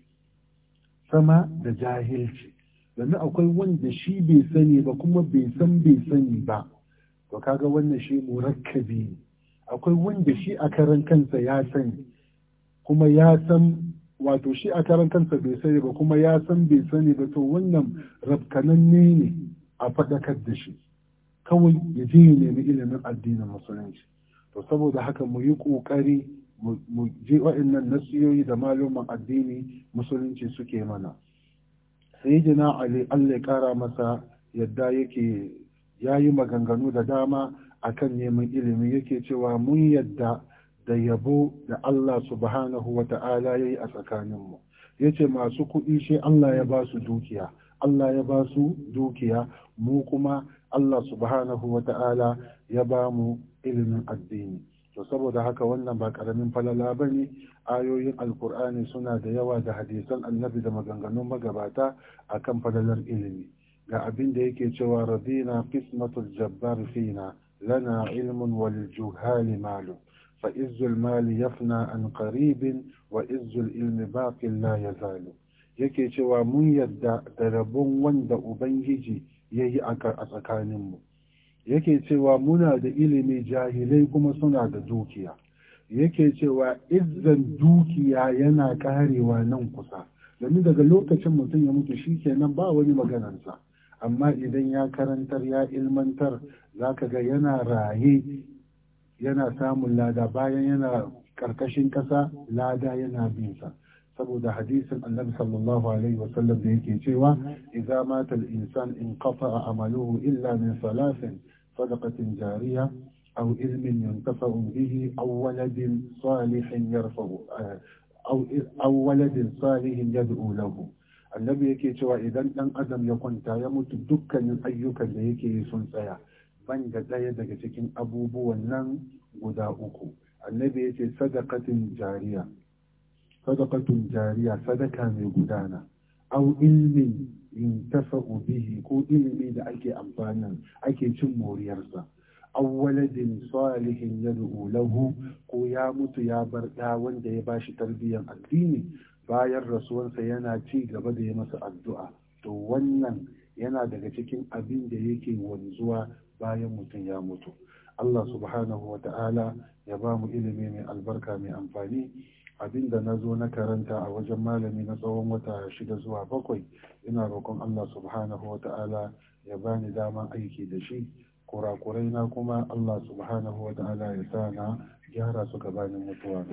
Sama da jahilci, domin akwai wanda shi bai sani ba kuma bai san bai sani ba, to kaga wannan shi murakkabi ne akwai wanda shi a karan kansa ya sani kuma ya san wato shi a karan kansa bai sani ba kuma ya san bai sani ba to wannan rabkananne ne a faɗakar da shi kawai ya je ya nemi ilimin addinin musulunci to saboda haka mu yi ƙoƙari mu je wa'annan nasiyoyi da malumin addini musulunci suke mana jina ali Allah ya kara masa yadda yake ya yi maganganu da dama a kan neman ilimi yake cewa mun yadda da yabo da Allah subhanahu wa ta'ala ya yi a tsakaninmu ya ce masu kuɗi shi Allah ya ba su dukiya Allah ya ba su dukiya mu kuma Allah subhanahu wa ta'ala ya ba mu ilimin addini to saboda haka wannan ba ƙaramin falala ba ne ayoyin alkur'ani suna da yawa da hadisan annabi da maganganun magabata akan falalar ilimi ga abin da yake cewa radina qismatul jabbar fina lana ilmun wal juhali malu, fa izzul mali yafna an qaribin wa izzul ilmi baqin la zalu yake cewa mun yadda da rabon wanda ubangiji yayi a tsakaninmu yake cewa muna da ilimi jahilai kuma suna da dukiya yake cewa izzan dukiya yana karewa nan kusa domin daga lokacin mutum ya mutu shi kenan ba wani maganarsa amma idan ya karantar ya ilmantar za ka ga yana raye yana samun lada bayan yana karkashin ƙasa lada yana binsa saboda hadisin annabi sallallahu alaihi wasallam da yake cewa idza mata al-insan inqata'a amaluhu illa min salasin sadaqatin jariya aw ilmin yuntafa'u bihi aw waladin salihin yarfa'u eh, aw waladin salihin yad'u lahu annabi yake cewa idan dan adam ya kwanta ya mutu dukkanin ayyukan da yake yi sun tsaya ban da ɗaya daga cikin abubuwan nan guda uku annabi yace sadaqatin jariya jariya sadaka mai gudana au ilmin tafa bihi ko ilimi da ake amfanin ake cin moriyarsa aw waladin salihin ya lahu ko ya mutu ya bar da wanda ya bashi tarbiyyar addini bayan rasuwarsa yana ci gaba da ya masa addu'a to wannan yana daga cikin abin da yake wanzuwa bayan mutum ya mutu Allah subhanahu wa ta'ala ya ba mu ilimi mai albarka mai amfani da na zo na karanta a wajen malami na tsawon wata shida zuwa bakwai ina roƙon Allah subhanahu wa ta'ala ya bani daman aiki da shi kurakurai na kuma Allah subhanahu wa ta'ala ya sa na gyara su gabanin mutuwa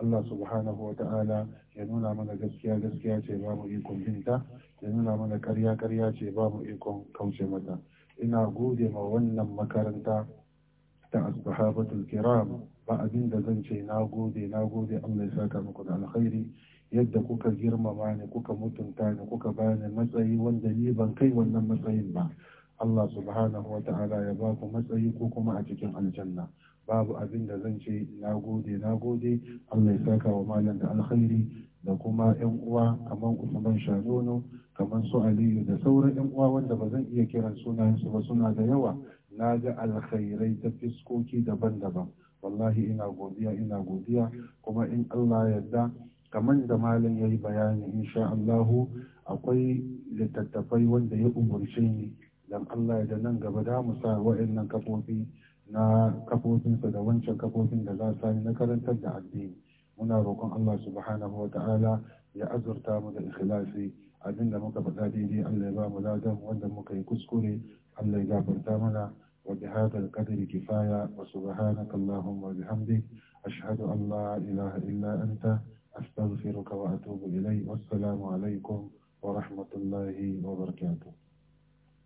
Allah subhanahu wa ta'ala ya nuna mana gaskiya gaskiya ce ba mu ikon binta ya nuna mana karya karya ce ba mu ikon kauce mata ina gode ma wannan makaranta ta asbahabatul kiram ba abin da zan ce na gode na gode Allah ya saka muku da alkhairi yadda kuka girmama ni kuka mutunta ni kuka bani matsayi wanda ni ban kai wannan matsayin ba Allah subhanahu wa ta'ala ya ba ku matsayi ko kuma a cikin aljanna babu abin da zan ce na gode na gode Allah ya saka wa malam da alkhairi da kuma yan uwa kamar Usman Shanono kamar su Aliyu da sauran yan uwa wanda ba zan iya kiran sunayensu ba suna da yawa na ga alkhairai ta fiskoki daban-daban wallahi ina godiya ina godiya kuma in Allah yarda kamar da malam yayi bayani insha Allahu akwai littattafai wanda ya umurce ni dan Allah ya da nan gaba da mu sa wa'annan kafofi na kafofin sa da wancan kafofin da za su yi na karantar da addini muna roƙon Allah subhanahu wa ta'ala ya azurta mu da ikhlasi abinda muka faɗa daidai Allah ya ba mu ladan wanda muka yi kuskure Allah ya gafarta mana wa bi hadal qadri kifaya wa subhanaka allahumma wa bihamdik ashhadu an la ilaha illa anta astaghfiruka wa atubu ilayk wassalamu alaikum wa rahmatullahi wa barakatuh